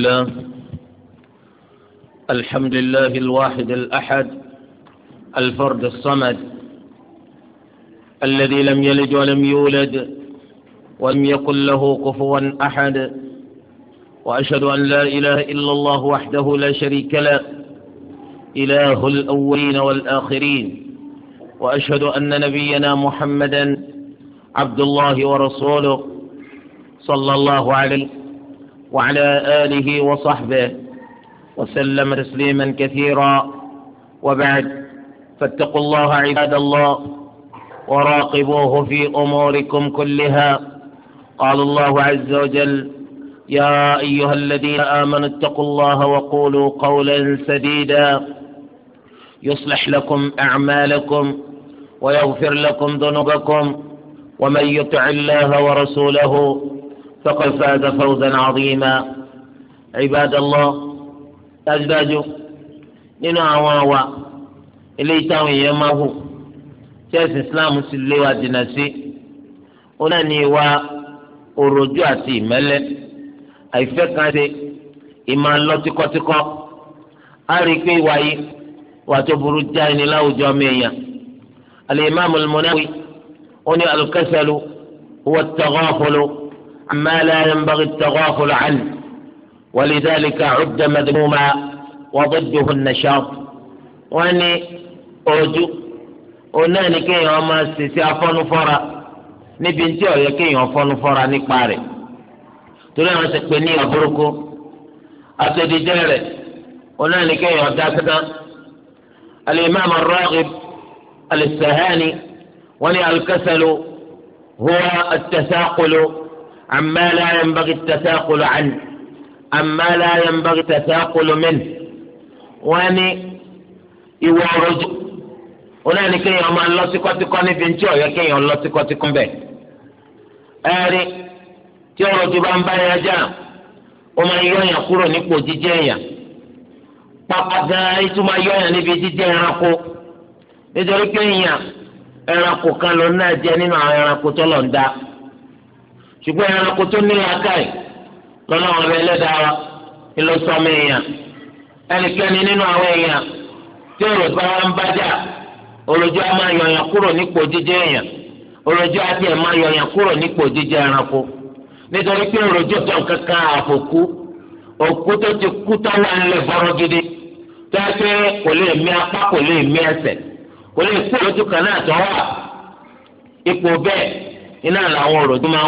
الله الحمد لله الواحد الأحد الفرد الصمد الذي لم يلد ولم يولد ولم يكن له كفوا أحد وأشهد أن لا إله إلا الله وحده لا شريك له إله الأولين والآخرين وأشهد أن نبينا محمدا عبد الله ورسوله صلى الله عليه وعلى آله وصحبه وسلم تسليما كثيرا وبعد فاتقوا الله عباد الله وراقبوه في أموركم كلها قال الله عز وجل يا أيها الذين آمنوا اتقوا الله وقولوا قولا سديدا يصلح لكم أعمالكم ويغفر لكم ذنوبكم ومن يطع الله ورسوله فقد فاز فوزا عظيما عباد الله dájúdájú nínú àwọn àwa eléyìí táwọn èèyàn máa hù church islam sì lé wa dènà sí ó náà ní ìwà òròjú àti ìmẹ́lẹ́ àìfẹ́ kan ṣe ìmọ̀ lọ tíkọ́tíkọ́ a rí i pé ìwà yìí wà tó burú jáì ní láwùjọ ọmọ èèyàn al-imam al-munawi ó ní al-kasalu huwa at-taghafulu. ما لا ينبغي التغافل عنه ولذلك عد مذموما وضده النشاط واني اوجو وناني كي يوم السيسي افون فرا نبنتي اويا كي يوم افون فرا نقاري تولي انا سكبني افركو اتدي جاري وناني كي يوم داكدا الامام الراغب السهاني ولي الكسل هو التثاقل عما لا ينبغي التثاقل عنه عما لا ينبغي التثاقل منه واني يورج ona ni kéèyàn máa lọ tíkọ́tíkọ́ níbi ntí ọ̀yọ́ kéèyàn lọ tíkọ́tíkọ́ bẹ́ẹ̀ ẹ̀rí tí ọ̀rọ̀ tó bá ń bá yẹn já ó máa yọ yẹn kúrò yọ níbi ẹranko nítorí ẹranko kan náà jẹ nínú àwọn ṣùgbọ́n ẹranko tó ní làákàyè lọ́nà àwọn ọmọ ẹlẹ́dàá wa ni ló sọ mí èèyàn ẹnikẹ́ni nínú àwọn èèyàn tí èrò bá wa ń bájà olójú a máa yọyàn kúrò nípò jíjẹ èèyàn olójú á tiẹ̀ máa yọyàn kúrò nípò jíjẹ ẹranko nítorí pé tó kankan àfòkú òkú tó ti kú tó wà gidi kò lè mí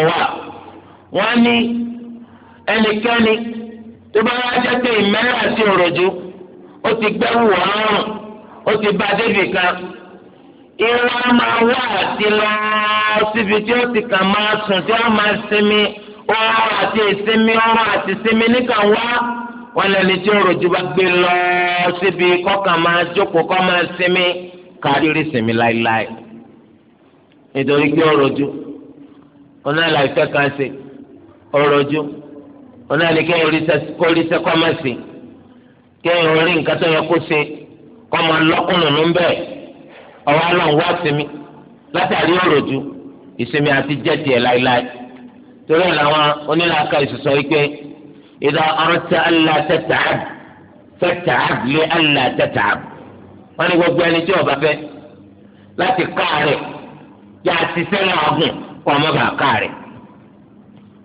wọ́n ní ẹnikẹ́ni tó bá wá jẹ́ pé ìmẹ́lẹ́ àti òròjú ó ti gbẹ́wù ọ̀rùn ó ti ba débi kan ìwà máa wá àti lọ síbi tí ó ti kàn máa sùn tí ó máa sinmi ọ̀rọ̀ àti ìsinmi ọ̀rọ̀ àti ìsinmi níkan wá wọn lẹni tí òròjú bá gbé lọ síbi kọkàn máa jókòó kọ́ máa sinmi kárírì sinmi láéláé nítorí pé òròjú ọ̀nà àlàyé kan ṣe. ọrọ̀jú ọ̀nà ni kéèyàn kó rí sẹ́kọ́ nǹkan tó yẹ kó ṣe kọ́ lọ́kùnrin ló ń bẹ̀ ọ̀rọ̀ ọlọ́run wá sinmi látàrí ọrọ̀jú ìsinmi àti jẹ́tì ẹ̀ láéláé torí ẹ̀ làwọn onílàáka ìsòsọ yìí pé ìdá ọ̀rọ̀tà àlà tẹ̀tàb tẹ̀tàb lé àlà tẹ̀tàb wọ́n ní gbogbo ẹni tí ọba fẹ́ láti káàrẹ̀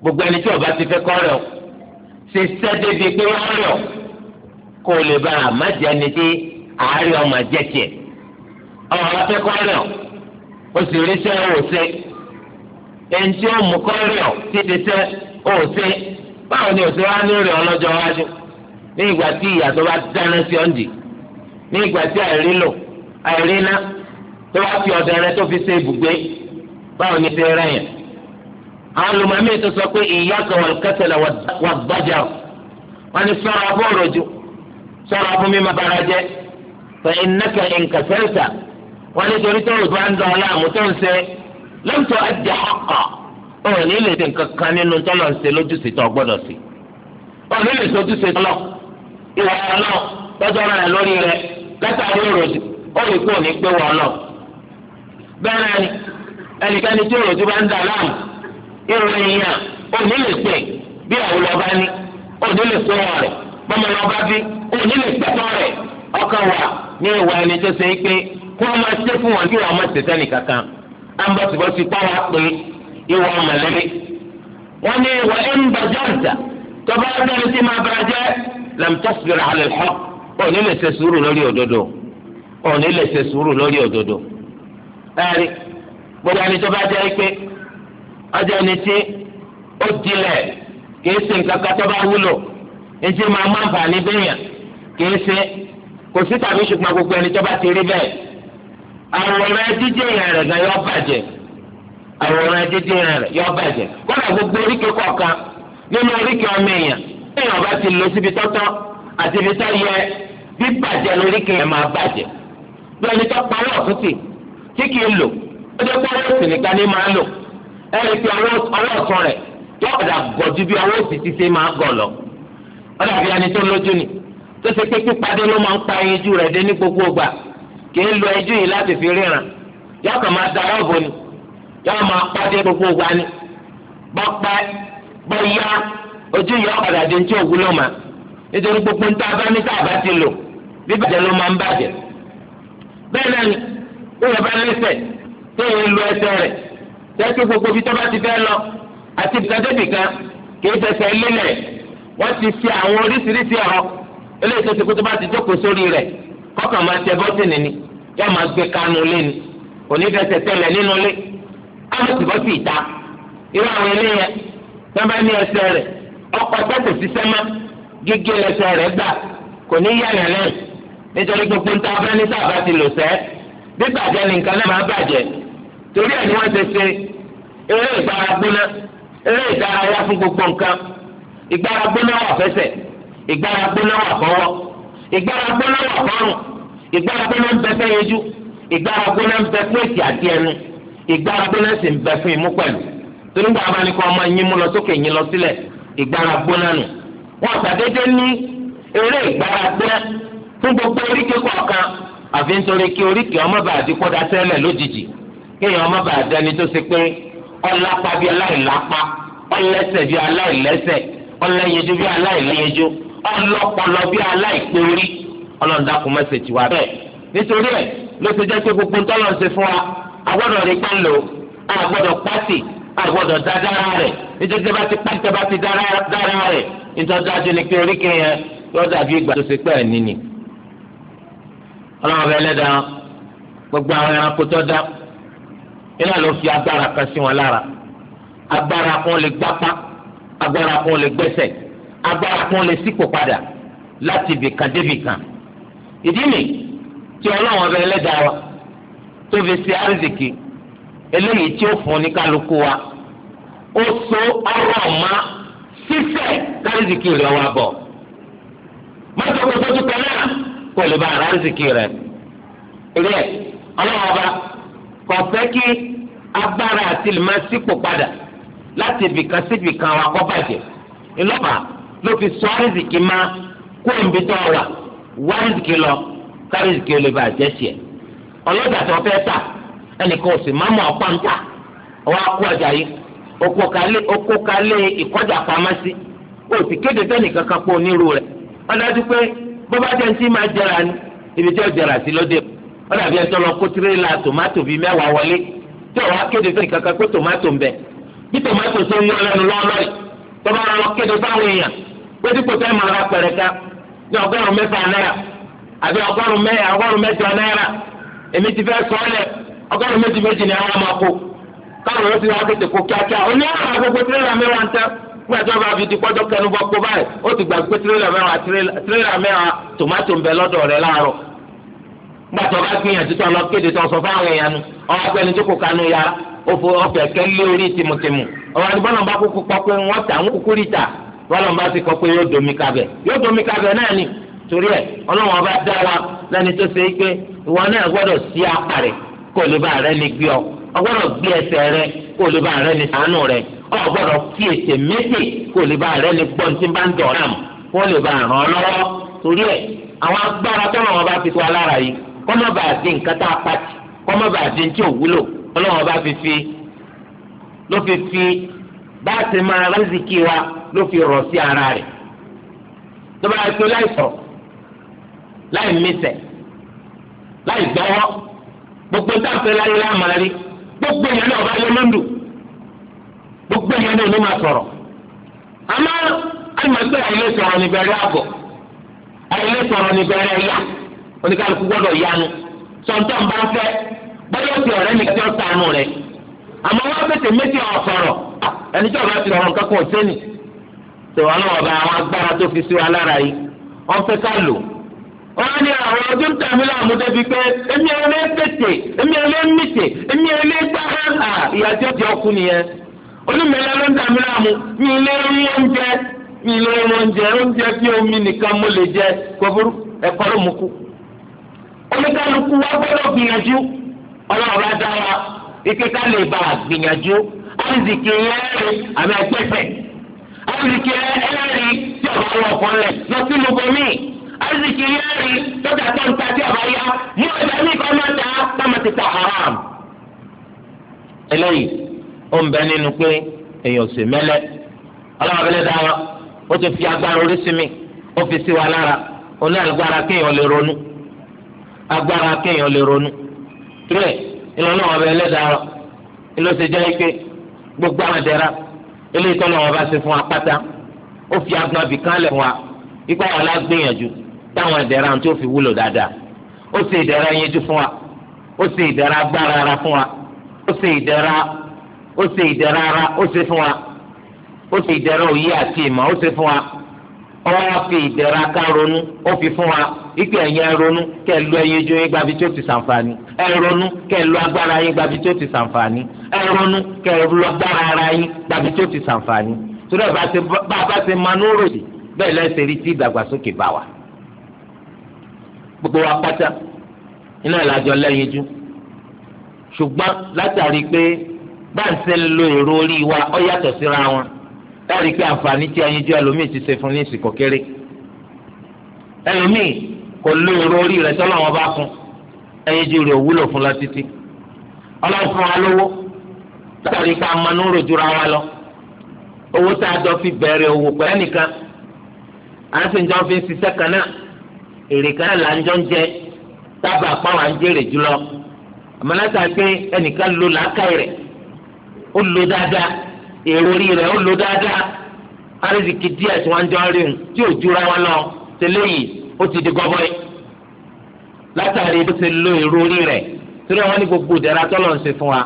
gbogbo ẹni tí ọba ti fẹ́ kọ́ rẹ̀ o ṣe sẹ́dẹ̀ bíi pé wọ́n rẹ̀ o kó o lè ba àmájẹ ni tí àárẹ̀ ọmọ jẹ tiẹ̀ ọba fẹ́ kọ́ rẹ̀ o o sì rí sẹ́ o ṣe ẹni tí ó mú kọ́ rẹ̀ o ti ti sẹ́ o ṣe báwo ni òṣèré wa ní rẹ̀ ọlọ́jọ́ wájú ní ìgbà tí ìyàtọ̀ bá dáná sí ọ́ndì ní ìgbà tí àìrílò àìríná tó bá fi ọ̀dọ̀ rẹ tó fi ṣe ibùgbé báwo ni ṣe rẹ̀ yẹn àwọn olùmọ̀mí tó sọ pé iyyaka wal kasala wad dajar wọn ni sọ̀rọ̀ fún òròjú sọ̀rọ̀ fún mímọ bara jẹ́ fa innaka in kasalta wọn ni torí tó rògbò ń dán ọlọ́àmú tó ń ṣe lam tu'addi haqqa ọ̀rọ̀ ní ilé nǹkan kan nínú tọ́lọ̀ ń ṣe lójúṣe tó gbọ́dọ̀ sí ọ̀rọ̀ ní lè kú òní pé wọ́n ìròyìn yà òní lè pè bí àwọn lọ́ba ní òní lè pè wọn rẹ̀ bọ́mọ lọ́ba bí òní lè pẹ́tọ́ rẹ̀ ọkàn wà ní ìwà ẹni tó ṣe é pé kí wọ́n máa ṣe fún wọn kí wọ́n máa ṣètẹ́ nìkankan à ń pé ìwà mọ̀lẹ́bí. wọ́n ní ìwà ẹ̀ ń bàjẹ́ ọ̀dà ẹni tí máa bàjẹ́ làmtọ́sibìrì àlẹ́ xọ́ òní lè ṣe sùúrù lórí òdodo òní lè ṣe sùúrù lórí ọjọ́ ẹni tí ó dilẹ̀ kìí ṣe nǹkan kan tó bá wúlò ẹjẹ máa má bà ní bẹ́yàn kìí ṣe kò sí tàbí ṣùgbọ́n gbogbo ẹni tó bá ti rí bẹ́ẹ̀ àwòrán jíjẹ́ yẹn rẹ̀ gan yọ bàjẹ́ àwòrán jíjẹ́ yẹn rẹ̀ yọ bàjẹ́ kọ́nà gbogbo oríkèé kọ̀ọ̀kan nínú oríkèé ọmọ èèyàn èèyàn bá ti lọ síbi tọ́tọ́ àti ibi tó yẹ bí bàjẹ́ lóríkèé yẹn máa bàjẹ́ bí ẹni tó pa náà fún sí tí kìí lò ó dé pọ́ọ́rọ́ ẹni tí ọwọ́ ọ̀sán rẹ̀ yọ ọ̀dà gọ̀jú bí ọwọ́ òsì ti ṣe máa gọ̀ lọ. ọ̀dà bíi ẹni tó lójú ni tó ṣe pé pípadé ló máa ń pa ẹyinjú rẹ̀ dé ní gbogbo ìgbà kì í lo ẹjú yìí láti fi ríran yọ kàn máa da ọ̀bọ ni yọ máa pàdé gbogbo ìgbà ni bọ́ pẹ́ bọ́ yá ojú yọ ọ̀dà dé ní òwúlò mà nítorí gbogbo níta bá níta bá ti lò bíbàjẹ́ ló máa ń bàjẹ́ bẹ́ẹ̀ náà ni ó yẹ bá lẹ́sẹ̀ tó yẹ lo ẹsẹ̀ rẹ̀ tẹ́tí gbogbo bí tọ́ba ti fẹ́ lọ àti ìtàdébìkan kì í fẹsẹ̀ lélẹ̀ wọ́n ti ṣe àwọn oríṣiríṣi ọ̀rọ̀ eléyìí tó ti kó tọ́ba ti jókòó sórí rẹ̀ kọ́kàn máa tẹ bọ́tìnì ni yóò máa gbé kánú lé ni kò ní fẹsẹ̀ tẹ̀lẹ̀ nínú lé àwọn ti bọ́ sí ìta irú àwọn eléyẹn tọ́ba ní ẹsẹ̀ rẹ̀ ọkọ̀ tẹ́tò sísẹ́ mọ́ gígé ẹsẹ̀ rẹ̀ gbà kò ní yàrá lẹ́yìn nítorí gbogbo ń ta abẹ́rẹ́ ní sábà ti torí ẹ̀ ni wọ́n ṣe ṣe eré ìgbára gbóná eré ìdárayá fún gbogbo nǹkan ìgbára gbóná wà fẹsẹ̀ ìgbára gbóná wà fọwọ́ ìgbára gbóná wà fọrùn ìgbára gbóná ń bẹ fẹ́yẹjú ìgbára gbóná ń bẹ fún ètì àti ẹnu ìgbára gbóná sì ń bẹ fún imú pẹ̀lú torí gbàgbà bá ní kó ọmọ yín mú lọ sókè yín lọ sílẹ̀ ìgbára gbóná nù wọn àtàdédé ní eré ìgbára gbóná fún gbogbo oríkèé kọ̀ọ̀kan àfi nítorí kí oríkèé ọmọ bàdí kó da sẹ́lẹ̀ lójijì kéèyàn ọmọ bàá dání tó ṣe pé ọlápá bíi aláìlápá ọlẹ́sẹ̀ bíi aláìlẹ́sẹ̀ ọlẹ́yinjú bíi aláìlẹ́yinjú ọlọ́pọlọ bíi aláìpérí ọlọ́ọ̀dàkùn mẹ́sẹ̀ tiwa bẹ́ẹ̀ nítorí ẹ̀ ló ti jẹ́ pé gbogbo ntọ́lọ́ ṣe fún wa agbọ́dọ̀ rí pẹ́ lò agbọ́dọ̀ pàṣẹ agbọ́dọ̀ dá dára rẹ̀ nítorí tẹ́ bá ti pàṣẹ tẹ́ bá ti dára rẹ̀ ìtọ́jú ni pé oríkèé yẹn lọ́dà bíi ìgbà tó ṣe pẹ́ ẹ̀ níní ọlọ́run ọbẹ̀ ẹlẹ́dàá gbogbo àwọn ẹranko iná ló fi agbára kan sí wọn lára agbára kan lè gbápá agbára kan lè gbẹ́sẹ̀ agbára kan lè sípò padà láti ibìkan débìkan ìdí nìyí tí ọlọ́run ọbẹ̀ ẹlẹ́dàá wa tó fi ṣe àrísìkì eléyìí tí ó fún ní kálukú wa ó so ọrọ̀ ma fífẹ́ àrísìkì rẹ̀ wá bọ̀ mọ́tò kò tó tún pẹ́ náà kò lè ba àrísìkì rẹ̀ ilé ọlọ́run ọba kọ̀fẹ́ kí agbára àti lè máa sípò padà láti ibìkan sí ibìkan wa kọ́ bàjẹ́ ìlọ́pà ló fi sọ rìzìkì máa kó òǹbí tó wà wá rìzìkì lọ ká rìzìkì ó lè bá àjẹ́ tiẹ̀ ọlọ́jà tó fẹ́ tà ẹnìkan ò sì má mọ̀ ọ́pá ń ọwọ́ akú ọjà yìí okó kalẹ̀ ìkọjà pamásí ó sì kéde sẹ́nì kankan pé onírú rẹ̀ ọ̀dájú pé bọ́bá jẹ́ ní máa jẹrà ni ibi tí ó jẹrà sí lóde. wọ́n dàbí ẹjọ́ lọ kó tirẹ́là tòmátò bíi mẹ́wàá wọlé tí ọ̀wá kéde fún ìkankan pé tòmátò ń bẹ bí tòmátò ṣe ń yọ lẹ́nu lọ́ọ́lọ́ yìí tó bá lọ kéde fáwọn èèyàn pé dípò fẹ́ máa ra pẹ̀rẹ̀ká ní ọgọ́rùn mẹ́fà náírà àbí ọgọ́rùn mẹ́ ọgọ́rùn mẹ́jọ náírà èmi ti fẹ́ sọ ọ́lẹ̀ ọgọ́rùn méjì méjì ni àwọn máa kó káwọn yóò ti wá tètè kó kíákíá ó ní àwọn àgbègbè tirẹ́là mẹ́wàá ń tẹ́ nígbà tí wọ́n bá fi di kọ́jọ́ kẹnu bọ́ kó báyìí ó ti gbàgbé tirẹ́là mẹ́wàá tirẹ́là mẹ́wàá tòmátò ń bẹ lọ́dọ̀ rẹ̀ láàárọ̀ gbàtọ́ bá gbìyànjú tó lọ kéde tó sọ fáwọn èèyàn nu ọwọ́ pẹ́ni tó kò ya òfò ọ̀fẹ́ kẹ́lé orí tìmùtìmù bọ́lọ̀ bá kúkú kọ́ pé wọ́n tà kúkú rí ta bọ́lọ̀ bá ti kọ́ pé yóò domi kabẹ̀ yóò domi kabẹ̀ náà ni torí ẹ̀ ọlọ́wọ́n bá dá wa lẹ́ni tó ṣe é pé ìwọ náà gbọ́dọ̀ sí apá ní ọ ọgbọ́dọ̀ gbé ẹsẹ̀ rẹ kó lè bá rẹ ní sànù rẹ ọgbọ́dọ̀ kọ́mọ́ bá di nǹkan tá a pàtì kọ́mọ́ bá di tí ò wúlò ọlọ́run ọba fi fi ló fi fi bá a ti máa rẹ́sìkì wa ló fi rọ̀ sí ara rẹ̀ tó bá yẹ kó láì sọ̀rọ̀ láì mísẹ̀ láì gbọ́wọ́ gbogbo táǹpẹ́ láyé lámàrí gbogbo ìyẹn náà ọba yẹ lóńdù gbogbo ìyẹn náà ló máa sọ̀rọ̀ àmọ́ àyùmọ̀ sọ̀rọ̀ àyẹ̀lẹ́ sọ̀rọ̀ níbẹ̀rẹ̀ àbọ̀ àyẹ̀lẹ́ sọ̀rọ̀ níbẹ̀rẹ̀ yá oníkàlùkù gbọ́dọ̀ yanu sọ̀tọ̀ ń bá ń fẹ́ bọ́yọ̀ ti ọ̀rẹ́ mi kí ọ sànù rẹ̀ àmọ́ wọ́n tètè méjì ọ̀sọ̀rọ̀ ah, ẹni tí ọ̀rẹ́ ti rọrùn kankan sẹ́ni tòun ọlọ́wọ́ bá àwọn agbára tó fi sí wa lára yìí wọ́n fẹ́ ká lò wọ́n ní àwọn ọdún tàbí làwọn ọmọdé bíi pé èmi ò lè tètè èmi ò lè mìtè èmi ò lè gbá hànà ah, ìyá tí ó di ọkú nìyẹn onímọ̀lá ló ń láàmú mi ò oúnjẹ mi ò oúnjẹ oúnjẹ kí omi nìkan mo lè jẹ kó ẹ̀kọ́ ló mú kú oníkálukú wa gbọ́dọ̀ gbìyànjú ọlọ́run bá dá wa ike ká lè bá a gbìyànjú àrísìkì ẹ̀rí àmì ẹgbẹ́sẹ̀ àrísìkì ẹ̀rí tí ọba wọn kọ́ lẹ̀ lọ sí lóbomi àrísìkì ẹ̀rí tó ń ta tí ọba yá mú ọjà ní ìkọ́ máa ta táwọn ti ta haram. eléyìí ó ń bẹ nínú pé èèyàn sì mẹ́lẹ́ ọlọ́run abẹ́lẹ́ dá wa ó ti fi agbára orí sí mi ó fi sí wa lára ó ní àgbára kéèyàn lè ronú agbára kéèyàn lè ronú tirẹ̀ ìlànà wọn bẹ ẹlẹ́dàá ìlú ṣe jẹ́ ike gbogbo àwọn ìdẹ́ra ilé ìtọ́nà wọn bá ṣe fún apáta ó fi agbọn abì kan lẹ̀ fún wa ipá wọn lágbìyànjú táwọn ìdẹ́ra tó fi wúlò dáadáa ó ṣe ìdẹ́ra yẹjú fún wa ó ṣe ìdẹ́ra agbára ara fún wa ó ṣe ìdẹ́ra ó ṣe ìdẹ́ra ara ó ṣe fún wa ó ṣe ìdẹ́ra òye àti ìmọ̀ ó ṣe fún wa ọwọ́ fi ìdẹ̀ra ká ronú ó fi fún wa ike ẹ̀yin ẹ ronú kẹ́ ẹ lo ẹyin ojú yín gbabi tó ti sànfàní ẹ ronú kẹ́ ẹ lo agbára yín gbabi tó ti sànfàní ẹ ronú kẹ́ ẹ lo agbára ara yín gbabi tó ti sànfàní torí ẹ bá bá ṣe manú ròdì bẹ́ẹ̀ lẹ́sẹ̀ rí tí ìdàgbàsókè bá wa. gbogbo wa pátá iná ìlàjọ lẹ́yin ojú ṣùgbọ́n látàrí pé bá ń lo èrò orí wa ó yàtọ̀ síra wọn ẹ rí i pé àǹfààní tí ẹyin jẹ ẹlòmíì ti ṣe fún ní ìsìnkò kéré ẹlòmíì kò lo èrò orí rẹ̀ tọ́lọ́ wọn bá fún ẹyin ju rẹ̀ òwúlò fún lọ títí ọlọ́run fún wa lówó látàrí ká mọnú rojúra wa lọ owó tá a jọ fi bẹ̀rẹ̀ òwò pẹ́ nìkan à ń sìn jọ fi ṣiṣẹ́ kan náà èrè kan là ń jọ ń jẹ tábà pàwọn à ń jèrè jùlọ àmọ́ látàrí pé ẹnìkan lo làákàyè rẹ̀ ó lo dáadáa. èrò orí rẹ̀ ó lò dáadáa arísìkì díẹ̀ tí wọ́n jọ ń rí un tí ò jura wọn lọ tẹ́lẹ̀ yìí ó ti di ti lo èrò gbogbo ìdẹ̀ra tọ́lọ̀ ń ṣe fún wa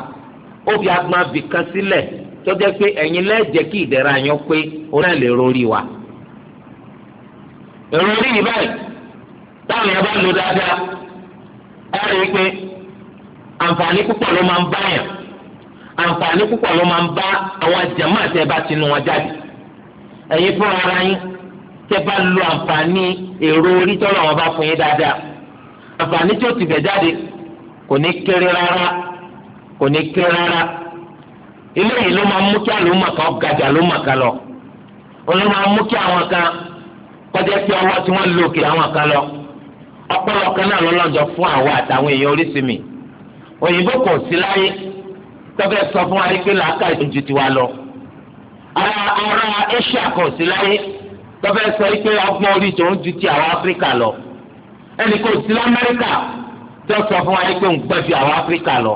ó fi agbọn abìkan sílẹ̀ tọ́jọ́ pé ẹ̀yin lẹ́ẹ̀jẹ̀ kí ìdẹ̀ra yẹn pé náà lè wa. èrò orí yìí báyìí táwọn yẹn bá lo dáadáa ẹ rí i pé àǹfààní púpọ̀ ló máa ń àǹfààní púpọ̀ ló máa ń bá àwọn jàmáà tẹ́ bá tinú wọn jáde ẹ̀yin fúnra ara yín tẹ́ bá lo àǹfààní èrò orí tọ́lọ̀ wọn bá fún yín dáadáa àǹfààní tí ó ti bẹ̀ jáde kò ní kéré rárá kò ní kéré rárá ilé yìí ló máa ń mú kí àlùmọ̀ kan gàjà ló mọ̀ kan lọ ó ló máa ń mú kí àwọn kan kọjá pé ọwọ́ tí wọ́n lò kí àwọn kan lọ ọpọlọ kan náà lọ́lọ́jọ fún àwọn àtàwọn èèyàn orísìí mi òyìnbó kò sí láyé tọ́fẹ́ sọ fún wa pé làákà ìtújú ti wá lọ. ara ara asia kan sí láyé tọ́fẹ́ sọ pé ọgbọ́n orí tòun ju ti àwọn áfíríkà lọ. ẹnì kan sí lamẹ́ríkà tó sọ fún wa pé nǹkan ju àwọn áfíríkà lọ.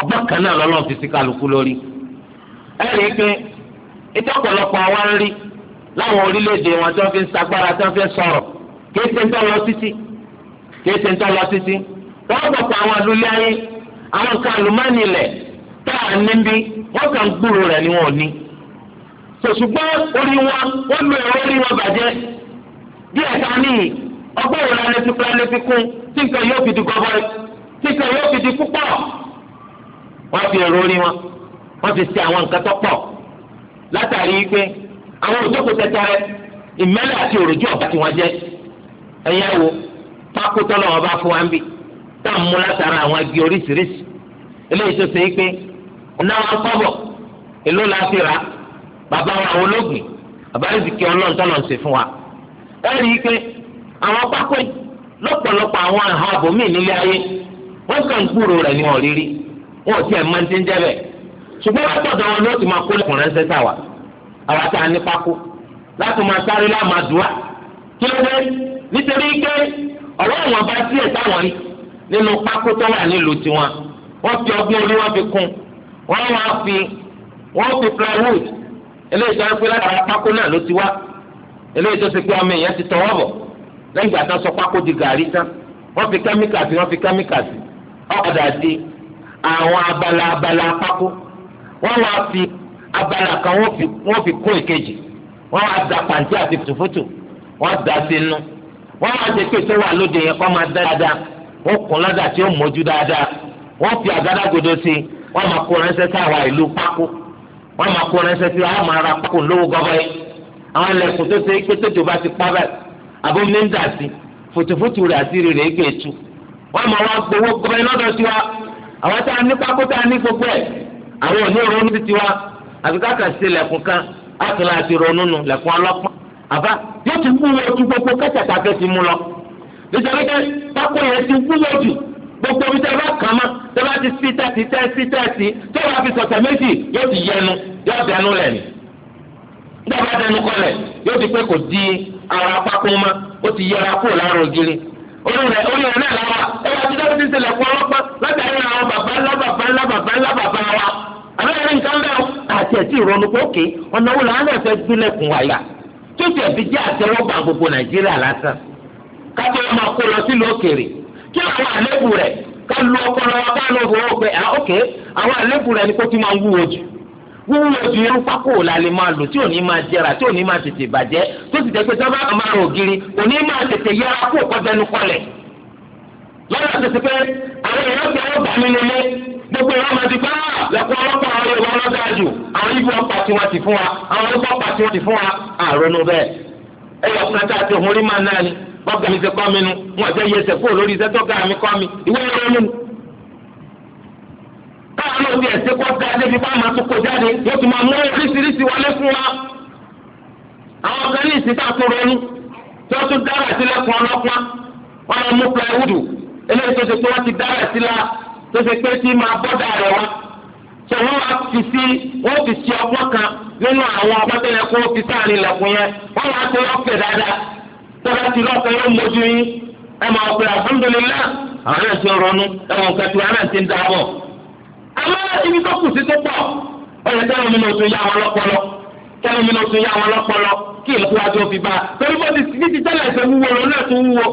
ọgbọ́n kan náà lọ́lọ́run fi sí kálukú lórí. ẹnì pé ìtọ́pọ̀lọpọ̀ wa ń rí láwọn orílẹ̀-èdè wọn tó fi ń sagbára tó fi ń sọ̀rọ̀ kí ẹsẹ̀ ń tọ́ lọ títí kí ẹsẹ̀ ń tọ́ lọ títí. wọ́n gbọ̀pọ̀ àwọn tá a níbi wọ́n kàn gbúrò rẹ̀ ni wọ́n ní. sòṣùgbọ́n orí wọn wọ́n lo ẹ̀rọ orí wọn bàjẹ́ díẹ̀ ta níyì ọgbọ́n òun lálẹ́ ti kúlálẹ́ tí nǹkan yóò fi di gọbọi tí nǹkan yóò fi di púpọ̀. wọ́n fi ẹ̀rọ orí wọn wọ́n fi ṣe àwọn nǹkan tó pọ̀ látàrí àwọn tẹtẹrẹ ìmẹ́lẹ̀ àti òròjú tí wọ́n jẹ́ ẹ̀yà wo pákótọ́ lọ́wọ́ bá fún wa ń bì tá à ń mú látara àwọn náà kọ́bọ̀ èló la fi bàbá wa ológun bàbá ìzìkì ọlọ́run tọ́lọ̀ ń ṣe fún wa. ẹ rí i pé àwọn pákó lọ́pọ̀lọpọ̀ àwọn àha àbòmí nílé ayé wọ́n kàn ń gbúrò rẹ̀ ní ọ̀rírí wọn ò tiẹ̀ máa ń ti ń jẹ́bẹ̀. ṣùgbọ́n látọ̀dọ̀ wọn ló ti máa kó lẹ́kùn ránṣẹ́ sà wá àwa tá a ní pákó láti máa sáré lámàdúrà kí ló dé nítorí pé ọ̀rọ̀ àwọn bá tiẹ̀ táwọn nínú pákó tó wà nílùú tiwọn wọ́n fi ọgbọ́n orí fi kún un wọ́n wá fi wọ́n fi plywood eléyìí tó ń pè látara pákó náà ló ti wá eléyìí tó ti pé ọmọ èèyàn ti tọwọ́ bọ̀ lẹ́yìn ìgbà tán sọ pákó di gàrí tán wọ́n fi kẹ́míkà sí wọ́n fi kẹ́míkà sí ọ̀kadà di àwọn abala abala pákó wọ́n wá fi abala kan wọ́n fi kún èkejì wọ́n wá da pàǹtí àti fòtòfòtò wọ́n da sí inú wọ́n wá ṣe pé tó wà lóde yẹn kó máa dáadáa wọ́n kún lọ́dà tí ó mójú dáadáa wọ́n fi àgádágodo sí i wọ́n máa kó ránṣẹ́ sí àwa ìlú pákó wọ́n máa kó ránṣẹ́ sí àwọn ará pákó lówó gọ́bọ́yé àwọn ẹlẹ́kùn tó ṣe pé tètè bá ti pa báyìí àbó mi ń dà sí fòtòfòtò rẹ̀ àti rèé gbé tu wọ́n máa wá gbowó gọ́bọ́yé lọ́dọ̀ tiwa àwọn tá a ní pákó tá a ní gbogbo ẹ̀ àwọn òní ronú ti tiwa àbí káàkà ṣe lẹ̀kùn kan á tún láti ronú nu lẹ̀kùn ọlọ́pàá àbá yóò ti wúwo ju gbogbo kẹ́tẹ̀kẹ́ ti mú lọ nítorí pé pákó yẹn ti wúwo jù gbogbo ibi tẹ́ bá kàn mọ́ tẹ́ bá ti sí tẹ́sí tẹ́sí tẹ́sí tẹ́ bá fi sọ̀tẹ̀ méjì yóò ti yẹnu yóò dẹnu lẹ̀ ni tẹ́ bá dẹnu kọlẹ̀ yóò ti pé kò di ara pákó mọ́ ó ti yẹra kó láàrọ̀ ògiri olùrẹ olùrẹ náà lọ wa ẹ wá títí títí ṣẹlẹ̀ fún ọlọ́pàá láti ayé àwọn bàbá ńlá bàbá ńlá bàbá ńlá bàbá wa àbẹ́rẹ́ nǹkan bẹ́ẹ̀ àti ẹ̀tí ìrọ̀lù pókè ọ̀nà wo làwọn náà fẹ́ gbélẹ̀kùn wáyà tó ti ẹ̀bí jẹ́ àtẹwọ́gbà gbogbo nàìjíríà lásán kájọ́ máa kó lọ sílùú òkèèrè kí àwọn àléébù rẹ̀ ká lu ọpọlọ wa ká lọ fowó ah ok àwọn àléébù rẹ̀ ni kó ti máa ń wúwo jù wúwo ju irú pákó la lè máa lò tí ò ní máa jẹrà tí ò ní máa tètè bàjẹ́ tó sì jẹ́ pé tí wọ́n bá máa rò giri kò ní máa tètè yẹra kó kọjẹnu kọlẹ̀ lọ́dọ̀ tètè pé àwọn èèyàn ti wọ́n bá mi lélẹ̀ gbogbo ìwà máa ti bá ah, lẹ́kọ̀ọ́ ọlọ́pàá àwọn Yorùbá ọlọ́dà jù àwọn ibi ọ̀pá tí wọ́n ti fún wa àwọn ọlọ́pàá tí wọ́n ti fún wa àrònú bẹ́ẹ̀ ẹ̀yọ̀ kan tá a rí máa náà ni bọ́gà mi ti kọ́ mi nu wọn ti yẹsẹ̀ kúrò lórí iṣẹ́ tọ́gà mi kọ́ mi ìwé ìwé mi. káwọn náà ti ẹ̀sẹ̀ kọ́ da débi bá máa tó kó jáde yóò tún máa mú oríṣiríṣi wọlé fún wa. àwọn kan ní ìsìn tààtò ronú tí wọ́n tún dára sílẹ̀kùn ọlọ́pàá wọn lọ mú plywood eléyìí tó ṣe pé wọ́n ti dára sílá tó ṣe pé tí máa bọ́dà rẹ̀ wá tó wọn wá fi sí wọn fi sí ọgbọ́n kan nínú àwọn ọgbọ́n tó yẹ kó fi sáà tọ́lá ti lọ́kọ̀ yóò mójú yín ẹ máa pè alhamdulillah àwọn náà ti ń ronú ẹwọn kẹtù àwọn náà ti ń dábọ̀. àmọ́ ibi tó kù sí tó pọ̀ ọ̀rẹ́ tẹ́lẹ̀ mi náà tún yá wọn lọ́pọlọ tẹ́lẹ̀ mi náà tún yá wọn lọ́pọlọ kí ìlú wa tó fi bá a torí bó ti ti ti tẹ́lẹ̀ ẹ̀sẹ̀ wúwo lọ náà tún wúwo.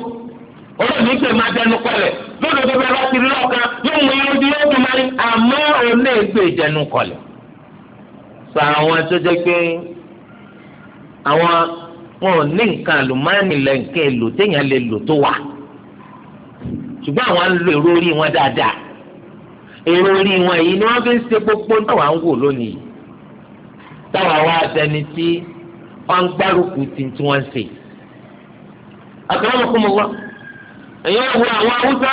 olóòní pè máa dẹnu kọlẹ̀ lónìí tó bá ti rí lọ́ọ̀kan yóò mú irun di yóò dùn mari àmọ́ òní ègbè ìdẹnu kọlẹ̀. sọ àwọn tó jẹ́ pé àwọn wọn ò ní nǹkan àlùmọ́ọ́nì lẹ́ǹkẹ́ èlò téèyàn lè lò tó wà ṣùgbọ́n àwọn lo èrò orí wọn dáadáa èrò orí wọn yìí ni wọ́n fi ń ṣe gbogbo náà ń wò lónìí wá dẹni tí wọ́n ń gbárùkù ń ṣe. wá wo àwọn haúsá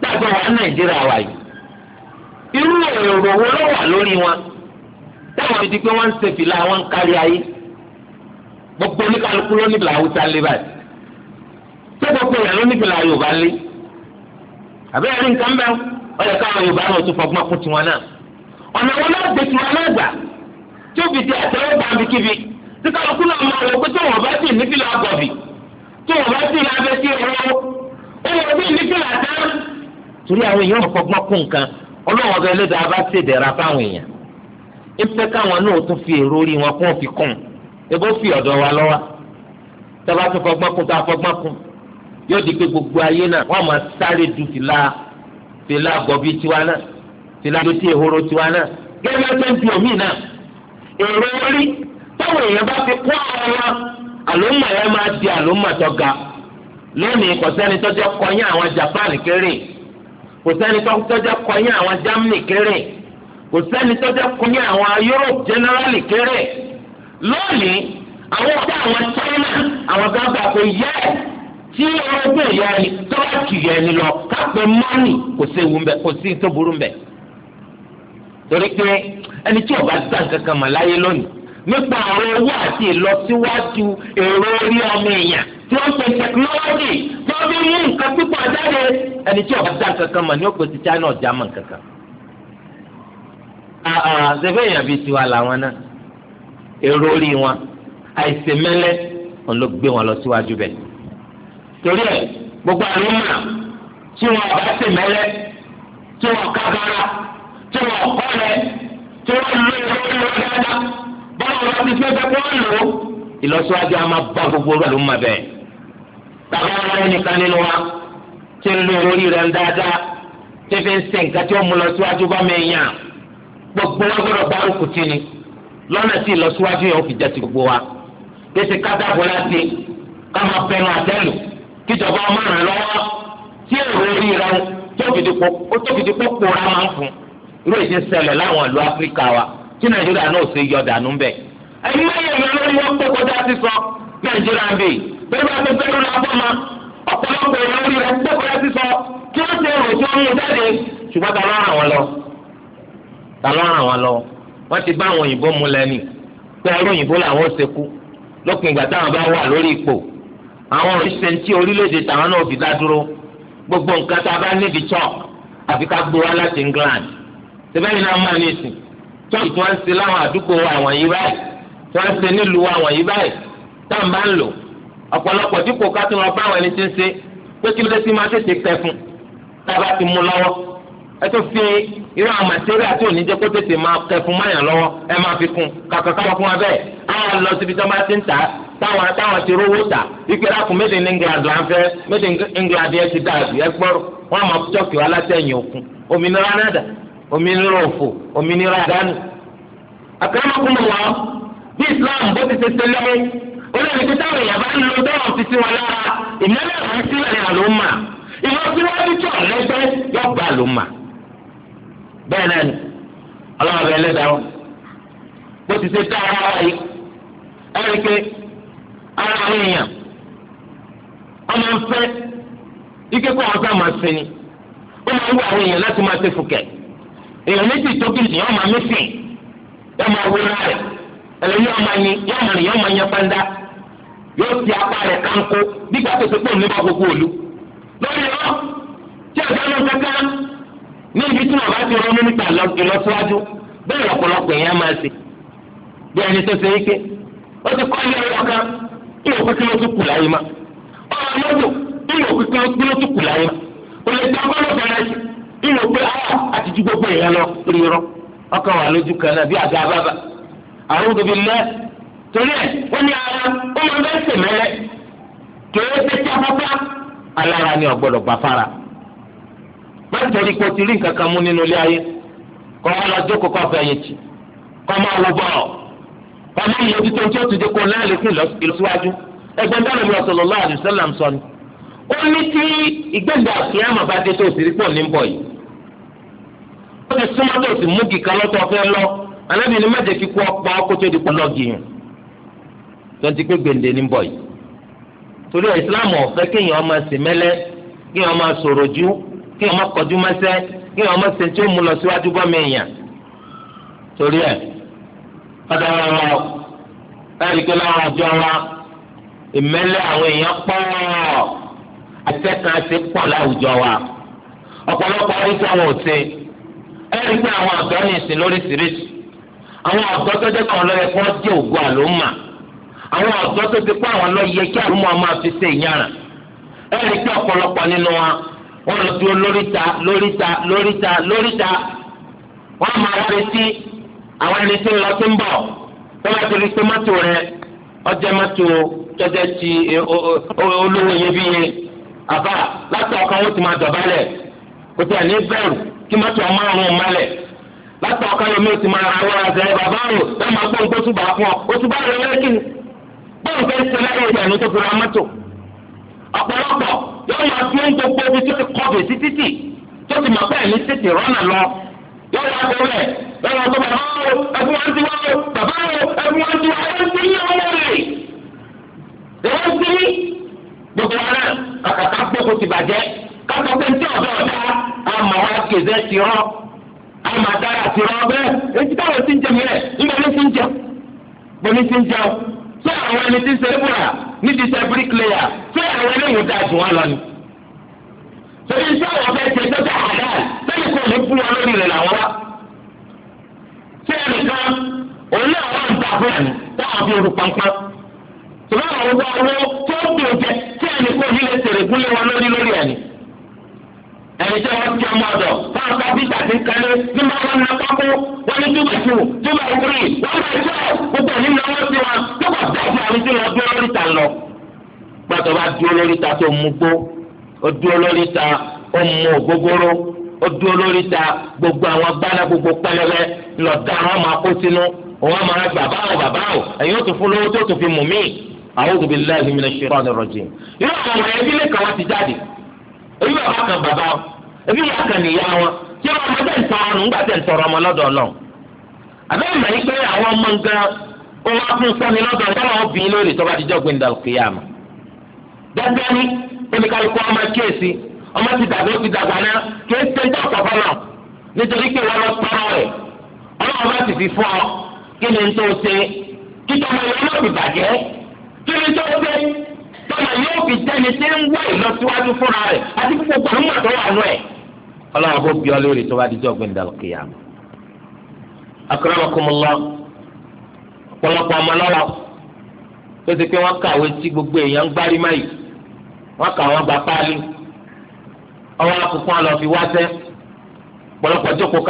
gbàgbọ́ wà nàìjíríà yìí irú èrò wo ló wà lórí wọn táwọn ti wọn kárí ayé. gbogbo oníkàlùkù ló níbi làwùsá lé báyìí tó gbogbo yẹn ló níbi làwùsá yorùbá lé àbẹ́rẹ́ rí nǹkan bẹ́ẹ̀ ó yẹ káwọn yorùbá náà tún fọgbọ́n kún tiwọn náà ọ̀nà wọn náà gbé tiwọn náà gbà tí ó fi di àtẹ́wọ́gbà bíkíbi tí kálukú náà máa wọ pé tí wọn bá sì nífìlà gọ̀bì tí wọn bá sì lábẹ́ sí ọ̀rọ̀ ó wọ bí nífìlà tán torí ẹlẹ́dàá bá ṣèdẹ̀ra fáwọn èèyàn ń fẹ́ káwọn náà tún fi èrò orí wọn kún fi kún un ebó fi ọ̀dọ̀ wa lọwa tọ́ba tó fọgbọ́n kún tó afọgbọ́n yóò di pé gbogbo ayé náà wọ́n máa sáré du fìlà fìlà tiwa náà fìlà létí ehoro tiwa náà bí omi náà èrò orí táwọn èèyàn bá fi kó àwọn wa àlòmọ̀ ẹ̀ máa di tó ga Japan kéré kò Germany kéré kò kọyìn àwọn Europe lónìí àwọn ọ̀gá àwọn china àwọn gbàgbà kò yẹ tí ọlọ́gbọ́n ìyá ẹni tó bá kì í ẹni lọ kápẹ́ mọ́nì kò sí ewu mbẹ kò sí tó burú mbẹ. torí pé ẹni tí ọba gbà kankan mà láyé lónìí nípa àwọn owó àti ìlọsíwájú èrò orí ọmọ èèyàn tí wọ́n pe tẹkinọ́lọ́jì tí wọ́n fi mú nǹkan púpọ̀ jáde ẹni tí ọba gbà kankan mà ní ó pè sí china ọ̀já mọ̀ kankan. àà ṣe fẹ́ yàn bíi tiwa làwọn náà èrò orí wọn àìsè mẹlẹ wọn ló gbé wọn lọ síwájú bẹ́ẹ̀ torí ẹ gbogbo àlùmọ tí wọn bá sè mẹlẹ tí wọn kábàárà tí wọn kọlẹ tí wọn lò lórí wọn dáadáa báwọn wọn ti fẹẹ fẹẹ wọn lò ìlọsíwájú a máa bá gbogbo àlùmọ bẹ́ẹ̀ tàbí wọn lé nìkan nínú wa tí ń lò lórí rẹ dáadáa tí fi ń sè nǹkan tí wọn mú lọ síwájú bá mi yàn gbogbo wọn gbọ́dọ̀ bá rúkú ni lọ́nà tí ìlọsíwájú yẹn ó fi jẹ́ ti gbogbo wa kéṣe kádàbọ̀ láti ká máa fẹ́ máa tẹ́lù kíjọba ọmọ rẹ̀ lọ́wọ́ tí èrò orí rẹ̀ tóbi dípò kóra máa ń fún irú èsì ṣẹlẹ̀ láwọn ìlú áfíríkà wa tí nàìjíríà náà ṣe yọ dànù bẹ́ẹ̀. ẹ̀yin mẹ́rin ìlú olórí wọn pé kọjá ti sọ nàìjíríà ń bè bẹ́ẹ̀ bá ti bẹ́ẹ̀ lọ́wọ́ bọ́ ma ọ̀pọ̀lọpọ̀ ìlú rẹ̀ pé kọjá ti sọ kí wọ́n ṣe èrò tí wọ́n mú jáde ṣùgbọ́n wọ́n ti bá àwọn òyìnbó mu lẹ́ni pé ọ̀rọ̀ òyìnbó làwọn ó ṣekú lópin ìgbà táwọn bá wà lórí ipò àwọn òṣìṣẹ́ tí orílẹ̀-èdè tàwọn náà fi dádúró gbogbo nǹkan tá a bá níbi chalk àfi ká gbó wá láti England sẹ́fẹ̀yìn náà máa ní ìsìn chalk tí wọ́n ń ṣe láwọn àdúgbò àwọn yìí báyìí tí wọ́n ń ṣe nílùú àwọn yìí báyìí táwọn bá ń lò ọ̀pọ̀lọpọ̀ dípò ká tí wọ́n bá àwọn ẹni tí ń ṣe pé kí ló dé sí máa tètè pẹ́ fún tá a bá ti mú lọ́wọ́ ẹ tó fi irú àwọn màtírí àti oníjẹ kó tètè máa kẹ fún máyàn lọ́wọ́ ẹ máa fi kún kàkà káwọn fún wa bẹ́ẹ̀ àwọn lọ síbi tí bá ti ń tà táwọn táwọn ti rówó tà ike lákùn méjì ní England là fẹ́ méjì England yẹn ti ẹ wọn tọ́kì òkun òmìnira nàdà òmìnira òfò òmìnira àdánù. bí Islam bó ti ṣe èèyàn bá bẹ́ẹ̀ náà ni ọlọ́run bẹ́ẹ̀ lẹ́dàá wọn bó ti ṣe dá ara wa yìí ẹ̀rí pé ara àwọn èèyàn ọmọ ń fẹ́ ike kó àwọn sáà máa sinmi ó máa ń wá àwọn èèyàn láti máa ṣe fùkẹ́ èèyàn méjì tó kìlì yẹn máa mísìn yẹn máa wúra rẹ̀ ẹlẹ́yìn yẹn máa yin máa rìn máa yan pàǹdà yóò ti apá rẹ̀ kánkó bí gbàgbé tó pọ̀ nípa gbogbo òlu lórí ọ tí a gbọ́dọ̀ kankan. ní ibi tí wọn bá ti ronú nípa ìlọsíwájú bẹ́ẹ̀ lọ́pọ̀lọpọ̀ èèyàn máa ṣe bí ẹni tó ṣe é ké ó ti kọ́ ilé ọ̀rọ̀ kan tí òkú kí ló kù láyé má ọ̀rọ̀ lọ́dọ̀ tí òkú kí kù láyé kò lè pé ah, àti ju gbogbo lọ rí ọkàn wà lójú kan náà bí àwọn òbí lẹ torí má nítorí pé o ti rí nǹkan kan nínú ilé ayé kọ́ ọ lọ jókòó kọ́ fẹ̀yìn tì kọ́ máa wo bọ́ọ̀ kọ́ máa yẹ tó tí ti dín náà lè fún ìlọsíwájú ẹgbẹ́ dáná mi sallallahu alaihi wasallam sọ ni ó ní bá dé tó sì rí pọ̀ ní bọ̀ yìí ó ti súnmọ́ tó sì mú fẹ́ lọ mẹ́jẹ̀ kíkú kí ọmọ kọjú mẹsẹ kí ọmọ ṣe tí ó mú lọ síwájú bọ́ mi èèyàn torí ẹ ọdọ wọn lọ láti pé láwọn ọjọ́ wa ìmẹ́lẹ́ àwọn èèyàn pọ̀ àtẹkànṣe pọ̀ láwùjọ wa ọ̀pọ̀lọpọ̀ oríṣi àwọn òṣè ẹ̀rí pé àwọn àgbà ní ìsìn lóríṣiríṣi àwọn àgbà tó jẹ́ káwọn lọ́yẹ kó jẹ́ ògùn àlòmà àwọn àgbà tó ti pé àwọn lọ́yẹ kí àlòmà máa fi ṣe ìyára ẹ̀rí pé ọ̀pọ̀lọpọ̀ nínú wa. wọ́n lọ dúró lóríta lóríta lóríta lóríta wọ́n máa retí àwọn ẹni tí ń lọ sí ń bá ti rí pé rẹ ọjọ́ mọ́tò tọ́jọ́ ti e, olówó iyebíye àbá látọ̀ ọkàn ti máa dọ̀bálẹ̀ kò tí a ní bẹ̀rù kí ọmọ ọmọ ọkàn ti máa ra bàbá rò tó fún ọ ìgbà ọ̀pọ̀lọpọ̀ yóò máa dúró ní gbogbo ibi tó ti kọ́ bèsì títì tó ti bẹ́ẹ̀ ní títì lọ yóò wá tó bẹ̀ yóò tó ẹ̀fún ti wá o bàbá ẹ̀fún ti wá o ti ní ọmọ rẹ̀ ti ní gbogbo kàkàtà gbogbo ti bàjẹ́ pé ọ̀dọ́ ọ̀dá àmọ̀ ti rọ́ àmọ̀ ti ṣé àwọn ẹni tí ń ṣe ébùrà ní ti ṣe bíríkìlẹ̀yà ṣé àwọn eléyìí da jù wọn lọ ni. torí ṣé àwọn fẹ́ ṣe tọ́jú àdá sẹ́yìn kò ní fún wọn lórí rẹ̀ làwọn wá. ṣé ẹnìkan òun náà wà ń tàbí ẹ̀ táwọn fi rú pampan. ṣùgbọ́n àwọn ọgbà owó tó ń gbòòjẹ tí ẹnìkan yìí lè ṣèrè gúnlẹ̀ wọn lórí lórí ẹ̀ ẹni tí wọ́n ti ọmọ ọ̀dọ̀ fáwọn káfíńtà ti ń kalẹ̀ ní máa wọn na pákó wọn ní túbà tù túbà kúrì wọn bá jọ gbogbo nínú ọwọ́ sí wọn lọ́kọ̀ dájú àwọn tí wọ́n dúró lórí ta lọ. pàtó bá dúró lórí ta tó mú gbó ó dúró lórí ta ó mú ògógóró ó dúró lórí ta gbogbo àwọn gbáná gbogbo pẹlẹbẹ lọ́dà wọn máa kó sínú wọn máa gbà báwò bàbáwò ẹ̀yin ó tún fún lówó tó tún fi mú míì a'udhu billahi minash shaitanir rajim. irú àwọn ọmọ èmi bàbá kan bàbá wọn èmi bàbá kan nìyá wọn tí wọn máa tẹ̀ ń tọrọ nù ńgbà tẹ̀ ń tọrọ ọmọ lọ́dọ̀ Ọlọ́run àbẹ́rẹ́ mọ̀ yín pé àwọn ọmọ nǹkan ó fún sọ́ni lọ́dọ̀ lórí oníkàlùkù ọmọ kéèsì ọmọ ti dàgbà ó ti dàgbà náà kéèsì lọ rẹ̀ ọlọ́run bá ti fi fún ọ kí ni tó ṣe kí tọ́lá yóò fi tẹ́ni tí ń wá ìlọsíwájú fúnra rẹ̀ àti gbogbo àwọn ọ̀dọ́ wà nù ẹ̀. ọlọ́run kò bí ọ lórí tó bá di jọ́ gbẹ̀ndà kìyà. akramakumullah ọ̀pọ̀lọpọ̀ ọmọ lọ́wọ́ tó ti pé wọ́n kàwé tí gbogbo èèyàn ń gbárí máyì wọ́n kà wọ́n páálí ọwọ́ akùnkùn fi wáṣẹ́ ọ̀pọ̀lọpọ̀ jókòó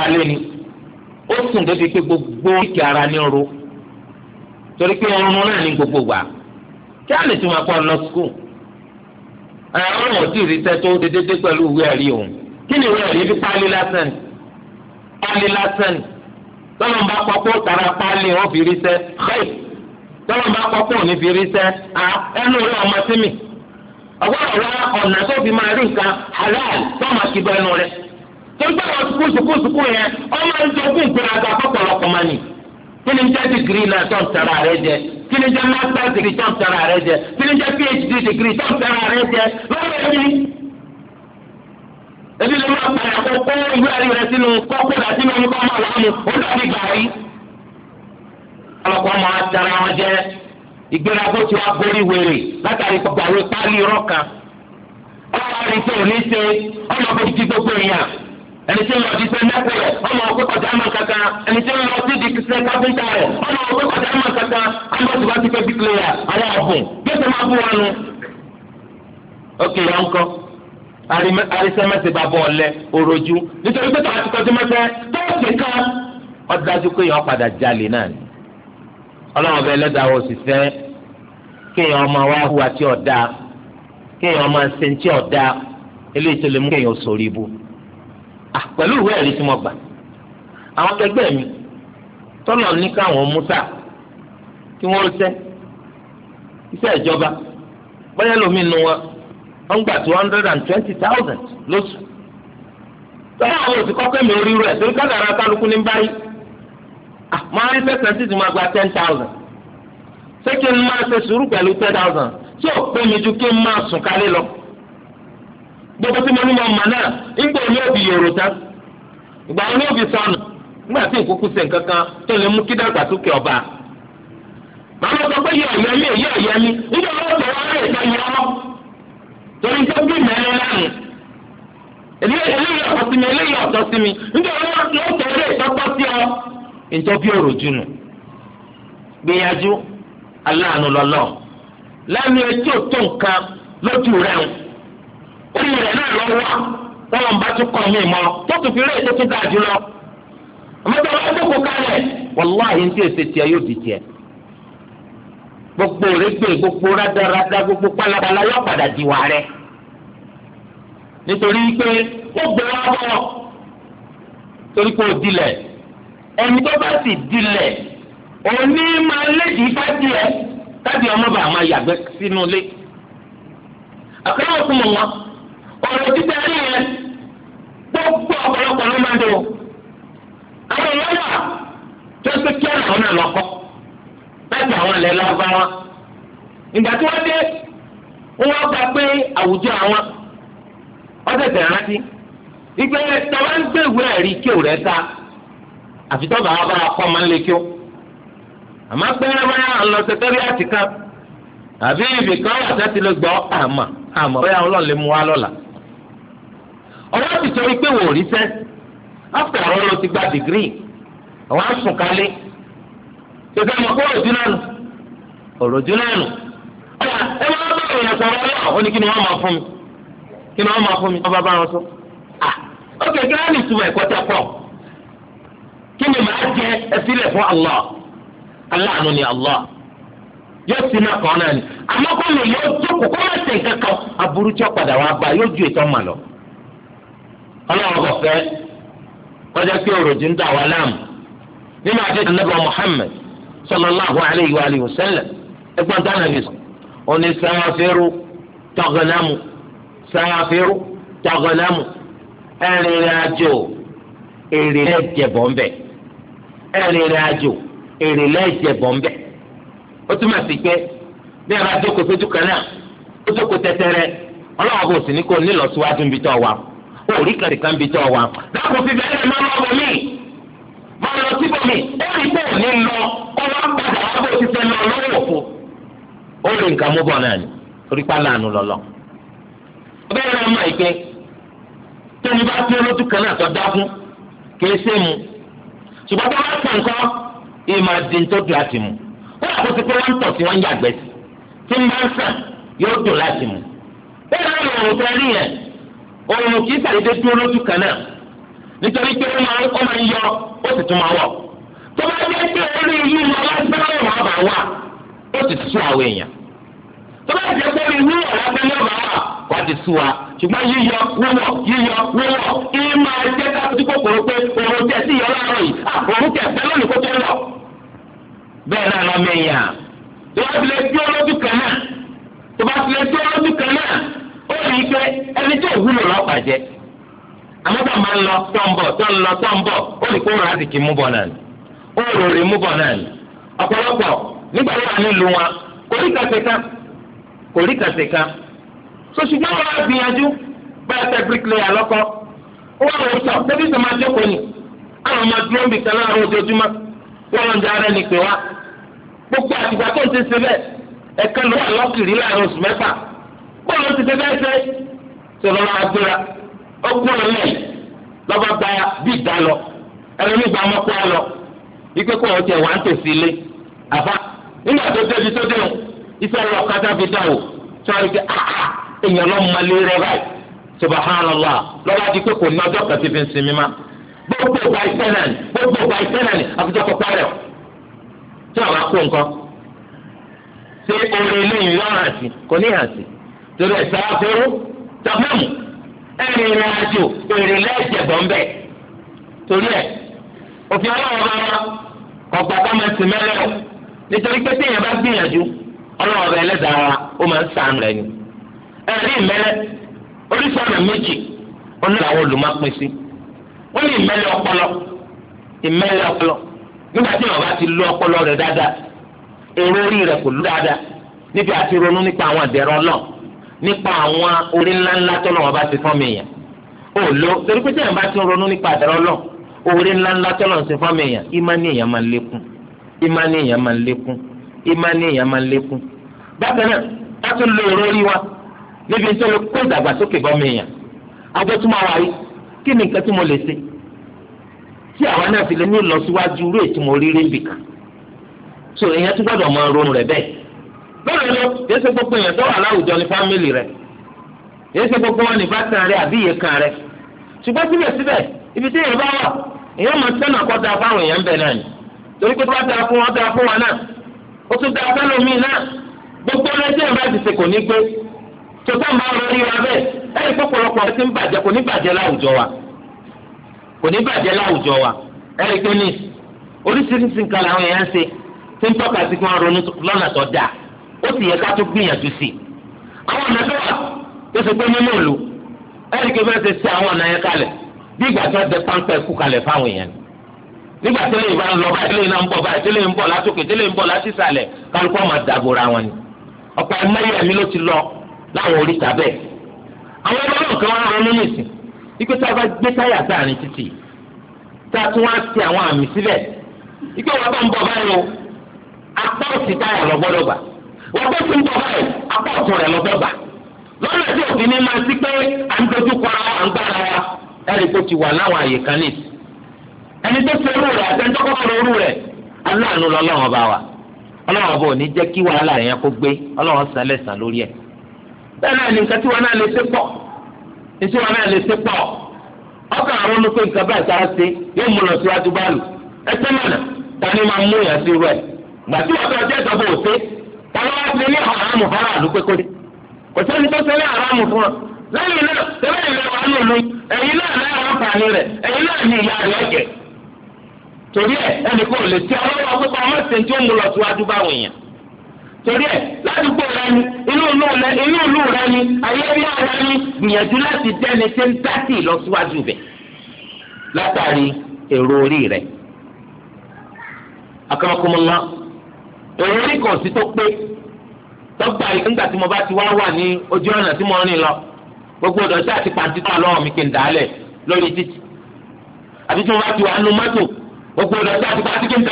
ara kí á lè tún máa pọ̀ lọ skul àwọn ò tí ì rí sẹ́ tó dédédé pẹ̀lú ìwé ẹ̀rí òun kí ni ìwé ẹ̀rí bí pálí lásán ni pálí lásán ni tọ́lọ́ ń bá kọ́kọ́ tara pálí wọn fi rí sẹ́ xẹ́ẹ̀ tọ́lọ́ ń bá kọ́kọ́ òní fi rí sẹ́ ẹnu rẹ ọmọ sí mi ọgbọ́n rẹ ọ̀nà tó fi máa rí nǹkan halal tó máa kí bọ́ ẹnu rẹ tó gbọ́dọ̀ sukú sukú sukú yẹn ọmọ ìjọba ìgbéraga fọ́pọ̀lọpọ̀ máa kí ni jẹ́ dìgírì náà tó ń tara rẹ jẹ kí ni jẹ́ master dìgírì tó ń tara rẹ jẹ kí ni jẹ́ phd dìgírì tó ń tara rẹ jẹ lọ́wọ́ ẹni. ebi ló máa pààyà kó kó ìwé ẹ̀rí rẹ sínú kókó rẹ sínú ẹni kó máa wà mú ó dàbí gàrí. ọlọ́kọ̀ máa tara wọn jẹ ìgbérago tí wàá borí wèrè látàrí gbàwé pálí rọ́ọ̀kan. ọlọ́run tó ní ṣe ọlọ́kọ̀ ti gbogbo èèyàn ẹni tí ń lọ dísẹ lẹkọọ rẹ ọmọ òkúta jámà kankan ẹni tí ń lọ sí dísẹ kápẹńtà rẹ ọmọ òkúta jámà kankan alọsí bá ti fẹ bíkìlẹyà àwọn ọbùn gbèsè máa bú wọn nu. ókè yọ ńkọ arísẹ́mẹsẹ̀ bá bọ̀ ọ̀lẹ́ òròjú nítorí pé tàwọn ti kọjú mẹ́sẹ̀ tóòsì kan ọ̀dájú pé yọ padà jalè náà ni ọlọ́wọ́n bẹ lọ́dà wọ sí fẹ́ kéèyàn ọmọ wa hùwà tí ọ̀dà kéèyàn ọmọ sentí ọ̀dà eléyìí tó lè mú kéèyàn sórí ibu. Ah, pẹ̀lú ìwé ẹ̀rí tí mo gbà àwọn akẹgbẹ́ mi tọ́lọ̀ ní káwọn mú sáà kí wọ́n ṣe iṣẹ́ ìjọba bóyá lómi nu wọn wọ́n gbà two hundred and twenty thousand lóṣù tọ́lá àwọn òsì kọ́kọ́ mi orí rẹ̀ torí kádàrá kálukú ní báyìí ah, máa rí sẹ́sẹ̀ títí máa gba ten thousand ṣé kí n máa ṣe sùúrù pẹ̀lú ten thousand tí ò pé mi ju kí n máa sùn kálé lọ. gbogbo tí mo ní mo mọ̀ náà nígbà olú òbí yòrò tán ìgbà olú òbí sọnù nígbà tí ìkókó ṣe nǹkan tó lè mú kí ọba. màá sọ pé yẹ ọ̀yẹ́ mi èyí ọ̀yẹ́ nígbà wọn wọn lè yọ torí tó bí lánàá eléyìí ọ̀tọ̀ sí mi eléyìí ọ̀tọ̀ sí mi nígbà wọn lọ tẹ̀lé ìtọ́pọ̀ sí ọ. ìtọ́bí òrò ala gbìyànjú aláàánú orí rẹ̀ náà lọ wá wọn lọ́n bá tún kọ́ mi mọ́ tó tún fi rẹ̀ tó tún dáa jùlọ. àmọ́tò wọn tó kó kalẹ̀ wàláhì èsè yóò di gbogbo rẹgbẹ gbogbo rádaràda gbogbo pálapàla yóò padà di wà rẹ. nítorí pé ó gbé wá torí pé ó ẹni tó bá sì òní máa léjì káàdì ọmọ ọ̀rọ̀ títẹ̀ rí yẹn gbogbo ọ̀pọ̀lọpọ̀ ló máa ń dùn. àwọn lọ́wọ́ tó ṣe kí ọ̀nà ọ̀nà lọ́kọ́ láti àwọn ilẹ̀ lọ́gbàwá. ìgbà tí wọ́n dé wọ́n gba pé àwùjọ àwọn rántí. ìgbẹ́ ń gbé ìwé ẹ̀rí kí ta kọ́ máa ń lọ àbí ibìkan wa sọ pé wò ó ríṣẹ́ after all ló ti gba dìgírì àwọn asùn kálé ṣèṣe àmọ́ kó òròjú náà nù òròjú náà nù ọ̀yà ẹ máa bá èèyàn sọ̀rọ̀ ọlọ́ọ̀ ó ní kí ni wọ́n máa fún mi kí ni wọ́n máa fún mi wọ́n bá bá wọn sọ. ó kékeré á lè túbọ̀ ẹ̀kọ́ tẹ̀ pọ̀ kí ni màá jẹ ẹsílẹ̀ fún Allah Allah àánú ni Allah yóò náà kàn náà ni àmọ́ kó lè ọlọ́run kò fẹ́ kọjá pé òròjú ń dà wá láàmú nínú àdéhùn nàbà Muhammad sallallahu alayhi wa alihi wa sallam ẹgbọn tó nàbì sọ òní sàáfẹ́rù tọ̀gànàmù sàáfẹ́rù tọ̀gànàmù ẹ̀rìnrìn àjò èrè lẹ́jẹ̀bọ̀ ń bẹ̀ ẹ̀rìnrìn àjò èrè lẹ́jẹ̀bọ̀ ń bẹ̀ ó túmọ̀ sí pé bí ẹ bá jókòó sójú kan orí kẹrìkan bí tọ́ wa dákò fi bẹ́ẹ̀ máa lọ bọ̀ máa lọ sí bọ̀ ó rí bẹ́ẹ̀ ní lọ kó wá padà wá bó ti fẹ́ lọ lọ́wọ́ òfo ó rí nǹkan mú bọ̀ náà ni torí pa láàánú lọ́lọ́ bẹ́ẹ̀ náà máa ike tóni bá tó lótú kan náà tó kìí ṣe mu ṣùgbọ́n tó bá tẹ̀ ìmọ̀ àti mu pé wọ́n tọ̀ sí oòrùn kì í sàdédé dúró lójú kan náà nítorí pé ó máa máa ń yọ ó sì tún máa wọ̀ tó bá pé orí ọ̀rọ̀ àbá wà ó sì àwọn èèyàn tó bá pé orí ọ̀rọ̀ wà ti wa ṣùgbọ́n yíyọ wíwọ̀ yíyọ wíwọ̀ kí máa jẹ́ ká tó kòkòrò pé oòrùn tẹ̀ sí ìyọlá ọ̀rọ̀ yìí àkòrò ah, tẹ̀ fẹ́ lónìí kó tó lọ ó rí i pé ẹni tó wúlò lọ́pàá jẹ àmọ́ tó máa ń lọ tó ń bọ̀ tó ń lọ tó ń bọ̀ ó rí i pé ó rà dìkì mú bọ̀ náà ni ó rò rí mú bọ̀ náà ni ọ̀pọ̀lọpọ̀ nígbà tó wà nílùú wọn kò rí kàṣeká kò rí kàṣeká so ṣùgbọ́n wọn á gbìyànjú bẹ́ẹ̀ tẹ bíríkìlẹ̀yà lọ́kọ́ ó wà lóò sọ débi tó máa jókòó ni àwọn ọmọ dúró ń bì kan láàárọ̀ ojoojúmọ́ wọn lọ ń jẹ ara pè wá gbogbo àtìgbà tó ń ti ṣe bẹ́ẹ̀ ẹ̀ka ló lọ́kìrì láàárín oṣù mẹ́fà bọ́ọ̀lù ti ó kúrò lọ́ba lọ ẹni ní ìgbà lọ ikú wá ń ilé nígbà tó débi tó iṣẹ́ fi dà o ah, ah, èèyàn lé rẹ báyìí subahánàlá lọ́ba di pé kò ní ọjọ́ kan ti fi ń sinmi má gbogbo ìgbà ìfẹ́ náà ni gbogbo ìgbà ìfẹ́ náà ni àfijọ́ nǹkan ṣé orin ilé yìí torí ẹ̀ sáfẹ́rú tọ́fẹ́mù ẹ̀rìn ìrìn àjò èrè lẹ́ẹ̀jẹ̀ bọ̀ ń bẹ̀ torí ẹ̀ òfin ọlọ́run bá wọn ọgbà ká máa sì mẹ́lẹ̀ o nítorí pé téèyàn bá gbìyànjú ọlọ́run ọba ẹlẹ́dàá wa ó máa ń sàánú rẹ̀ ni ẹ̀rí ìmẹ́lẹ́ oríṣi ọ̀nà méjì ọ̀nà làwọn olùmọ̀pin sí wọ́n ní ìmẹ́lẹ́ ọpọlọ ìmẹ́lẹ́ ọpọlọ nígbà tí wọn bá ti lo ọpọlọ rẹ̀ dáadáa èrò orí rẹ̀ kò lù dáadáa níbi àti ronú nípa àwọn ìdẹ̀rọ̀ náà nípa àwọn orí ńláńlá tó lọ́wọ́ bá ti fọ́n mi yẹn ò lo torí pé téèyàn bá ti ronú nípa àdàrọ́ lọ orí ńláńlá tó lọ́wọ́ ti fọ́n mi yẹn ìmánì èèyàn máa ń lékún ìmánì èèyàn máa ń lékún ìmánì èèyàn máa ń lékún. bákan náà ká tún lo èrò orí wa níbi tó lè kó ìdàgbàsókè bọ́ mi yẹn àjọ tó máa wà yìí kí ni nǹkan tí mo lè ṣe tí àwa náà fi lè ní ìlọsíwájú rèé tí mo rí rí bẹ́ẹ̀ lọ kìí ṣe gbogbo èèyàn tó wà láwùjọ ní fámìlì rẹ kìí ṣe gbogbo wọn ní bátan rẹ àbí iye kan rẹ ṣùgbọ́n síbẹ̀síbẹ̀ ibi tí èèyàn bá wà èèyàn máa sẹ́nu àkọ́ta fáwọn èèyàn bẹ̀ náà ni torí pé bá fún wọn fún náà ó tún gbogbo ti kò ní gbé máa bẹ́ẹ̀ ẹ̀rí pọ̀pọ̀lọpọ̀ ti ń bàjẹ́ kò ó sì yẹ ká tó gbìyànjú sí i àwọn ọ̀nà tó wà tó ṣe pé nínú ìlú ẹ̀ríkì bá ṣe ṣe àwọn ọ̀nà yẹn kalẹ̀ bí ìgbà tó dẹ páńpẹ́ kú kalẹ̀ fáwọn èèyàn nígbà tí lèyìn bá ń lọ bá tí lèyìn náà ń bọ̀ bá tí lèyìn ń bọ̀ látòkè tí lèyìn ń bọ̀ láti sàlẹ̀ kálukú ọmọ dàgbòrà wọn ni ọ̀pọ̀ ẹ̀mẹ́yẹ mi ló ti lọ láwọn oríta bẹ́ẹ̀ àwọn ọmọ náà kan wá ronú nìsín ikú tá a bá gbé táyà sáàrin títì tá a tún wá ti àwọn àmì sílẹ̀ ikú wọn ń bọ̀ báyìí o apá òsì táyà lọ gbọ́dọ̀ gbà wọ́n ndọrọ ti ń tọ́ rẹ̀ lọ́dọ̀gbà lọ́nà tí òfin ní máa sí pé à ń dojú kọ ara wa ń gbára wa ti wà láwọn àyè kan nìyí ẹni tó rẹ̀ rẹ̀ aláàánú lọ́lọ́wọ́n bá wa ọlọ́wọ́n bò ní jẹ́ kí wàhálà yẹn kó gbé ọlọ́wọ́n lórí ẹ̀ bẹ́ẹ̀ náà ni nǹkan tí náà lè ṣe pọ̀ tàbí wọ́n ti ní haramu fara àdúgbò kò sẹ́ni tó sẹ́ni haramu fún ọ lẹ́yìn náà tẹ́lẹ̀ ìlẹ̀ wà lòlú ẹ̀yin náà náà wọ́n fàánì rẹ̀ ẹ̀yin náà ní ìyá rẹ̀ jẹ̀ torí ẹ̀ lè tí pípa ọmọ ṣe tí ó lọ síwájú torí ẹ̀ ládùúgbò rẹ ni inú ìlú rẹ inú ìlú rẹ ni èrò ní kàn to tó pé tọ́gbà nígbà tí mo bá ti wá wà ní ojú ọ̀nà tí mo rìn lọ gbogbo ọ̀dọ̀tí àti pàǹtítà lọ́wọ́ mi kì í dàálẹ̀ lórí títì àbí tí mo ti wà mọ́tò gbogbo kì í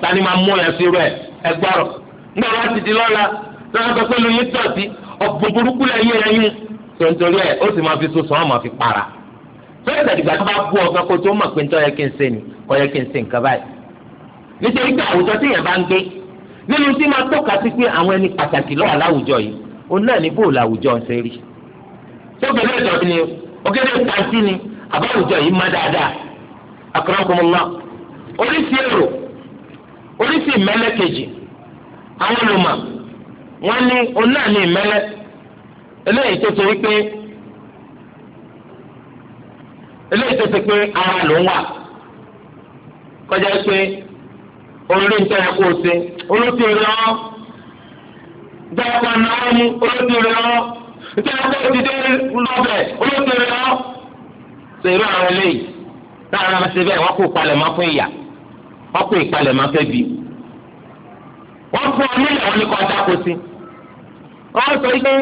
tani máa mú ẹ sí rẹ ẹ gbọ́rọ̀ nígbà wọn ti di lọ́la lọ́wọ́ sọ pé lóyún tọ̀sí ọ̀gbọ̀n burúkú tontori ẹ̀ ó fi soso wọn máa fi para nínú tí máa tọ́ka sí pé àwọn ẹni pàtàkì lọ́wọ́ láwùjọ yìí òun náà ní bóòlù àwùjọ ṣe rí sókèlè ìjọba ni òkèlè pàǹtí ni àbáwùjọ yìí má dáadáa àkàràkùnmọ́lá oríṣi èrò oríṣi ìmẹ́lẹ́ kejì àwọn olùmọ̀ wọ́n ní òun náà ní ìmẹ́lẹ́ eléyìí tó torí pé eléyìí tó ti pé ara ló wà kọjá pé orí ń tẹ́lẹ̀ kó o ṣe olóòtú rẹ̀ ọ́ dáàbà náà mú olóòtú rẹ̀ ọ́ ìtẹ́lẹ̀ kó o ti dé lọ́bẹ̀ olóòtú rẹ̀ ọ́. ṣe irú àwọn eléyìí láàrin àwọn ṣe bẹ́ẹ̀ wọ́n kó ìpalẹ̀mọ́ fún ìyà wọ́n kó ìpalẹ̀mọ́ fẹ́ bí. wọ́n fún ọ nílẹ̀ wọn ní kọ́ dáko sí. wọ́n sọ pé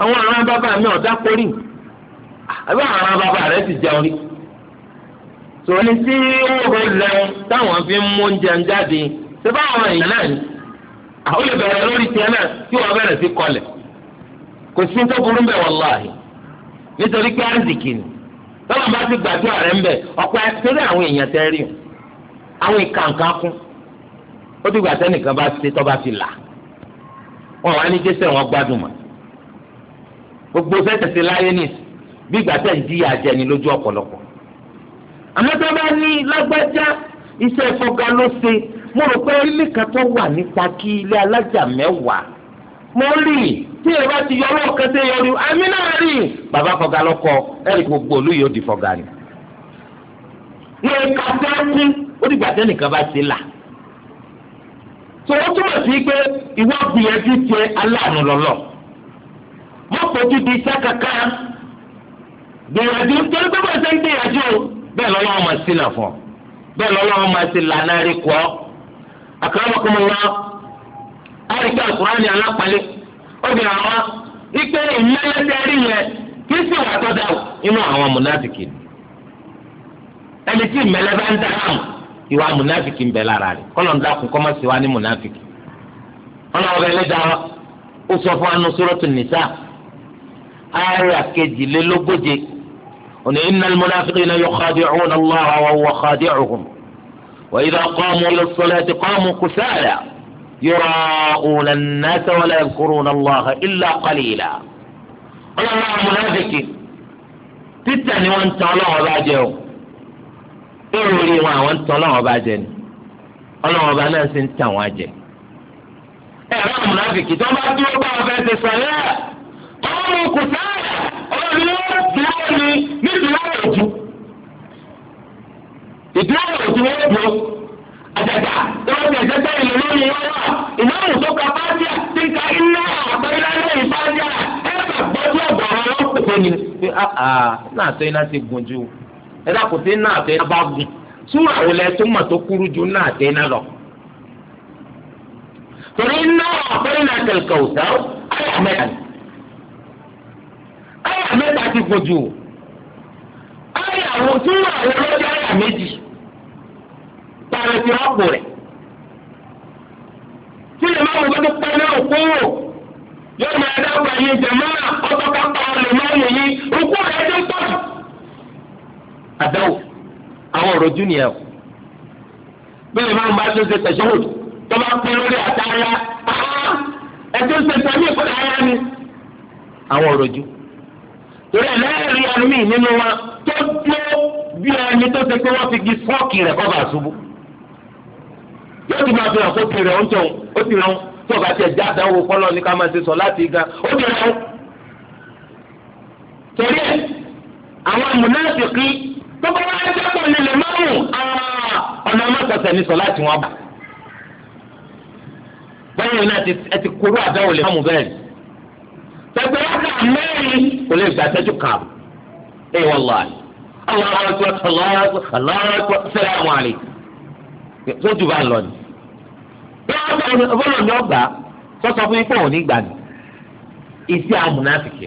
àwọn ará bàbá mi ọ̀dà kórì àbí àwọn ará bàbá rẹ̀ ti jẹun rí tòun tí ó lẹ táwọn fi ń mú oúnjẹ ń jáde ṣé báwọn èèyàn náà ni àwọn lè bẹ̀rẹ̀ lórí tiẹ̀ náà tí wọ́n bẹ̀rẹ̀ sí kọlẹ̀ kò sí tó burú bẹ̀ wàláhì nítorí pé àǹzìkì ni tọ́lá bá ti gbàdúrà rẹ̀ ń bẹ̀ ọ̀pọ̀ ẹ̀sẹ̀rẹ̀ àwọn èèyàn tẹ́ rí o àwọn ìkàǹkà kún ó ti gbà sẹ́nìkan bá ṣe tọ́ bá fi là wọn wà ní jésù wọn gbádùn mọ́ gbogbo sẹ́tẹ̀sẹ̀ láyé nìsí bí ìgbà àmọ́ tó bá ní lágbájá iṣẹ́ ìfọ̀gá ló ṣe mo rò pé ilé kan tó wà nípa kí ilé alájà mẹ́wàá mo rí tí èrò bá ti yọ ọlọ́ọ̀ kan yọrí àmì náà rí bàbá fọ̀gá lọ́kọ ẹ̀rí gbogbo olú yóò di fọ̀gá ni. ní ẹ̀ka sẹ́ẹ̀kú ó dìgbà tẹ́ nìkan bá ṣe là. tòun túmọ̀ sí pé ìwọ gbìyànjú tiẹ̀ aláàánú lọ́lọ́ mọ́pọ̀ tó di iṣẹ́ kankan gbìyànjú torí pé bọ́ọ̀ ṣe ń gbìyànjú o. bẹ́ẹ̀ lọ́wọ́ ọmọ sí nà fún ọ bẹ́ẹ̀ lọ́wọ́ ọmọ sí lànà rí kọ́ akramakumullah àríkà àkùránì alápàlẹ́ obìnrin àwọn wípé ìmẹ́lẹ́dẹ́rì yẹn kí sì wà tọ́ da inú àwọn ẹni tí ìmẹ́lẹ́ bá ń ìwà ń bẹ lára dákun sí wa ní ọlọ́wọ́ ó sọ قل إن المنافقين يخادعون الله وهو خادعهم وإذا قاموا للصلاة قاموا كسالى يراؤون الناس ولا يذكرون الله إلا قليلا قل الله منافق تتني وانت الله باجهم إيري ما وانت الله باجهم الله باناس انت واجه إيه منافق تما تيوبا بيت الصلاة قاموا كسالى mi nídìí ọ̀rọ̀jú ìdí ọ̀rọ̀jú wọn dùn àjàgbá wọn ti ẹ̀jẹ̀ bẹ́ẹ̀ lè lórí wà ìmáàmù tó ka pàṣẹ ka iná àpẹẹrẹ lẹ́yìn pàṣẹ ẹ bá gbọ́dọ̀ ọ̀gbọ̀rọ̀ wọn pèsè ni. pé ah, ah, náà tó iná ti gùn ju ẹ náà tó iná bá gùn tó mọ̀ tó kúrú ju náà tó iná lọ. torí àpẹẹrẹ náà kẹ̀kẹ́ àyà àwọn tí wọ́n àwọn ọlọ́jà àyà méjì tààrà ti rọ́pò rẹ̀ tí lè má wọ bá tó pẹ́ náà kúrò yóò máa dábàá yín jẹ̀mọ́ òkú rẹ̀ tọ̀. àdáwò àwọn ọ̀rọ̀ bá tó ṣe tẹ̀síwò tó bá pẹ́ lórí ṣe ni àwọn ọ̀rọ̀ torí ẹ̀ lẹ́ẹ̀rí ẹ̀mí nínú wa tó dúró bí ẹni tó ṣe pé wọ́n fi gi fọ́ọ̀kì rẹ̀ kọ́ba àṣubú yóò ti máa fi hàn kó ti rẹ̀ oúnjẹ òun ó ti rẹ̀ òun tó o bá tiẹ̀ já àdánwò kọ́lọ́ ní ká máa ṣe sọ láti ga ó ti rẹ̀ òun. torí ẹ̀ àwọn mùnáfìkì tó bá wáyé sọ́kọ̀ nílẹ̀ márùn-ún ọ̀nà mọ́tọ̀sẹ̀ ní sọ láti wọn bá. báyìí náà ẹ ti kúrú àdánwò lè mọ́mú bẹ́ẹ̀ kò lè gba tẹ́jú kan ẹ wọ́n lọ àlè aláwọ̀ ẹ̀kọ́ aláwọ̀ ẹ̀kọ́ aláwọ̀ ẹ̀kọ́ sẹ́yà mọ́ àlè tó jù bá lọ ni. bọ́lá ni ọgbà sọ́sọ́ fún ipò òní gbà ní ìsí amúnáfìkì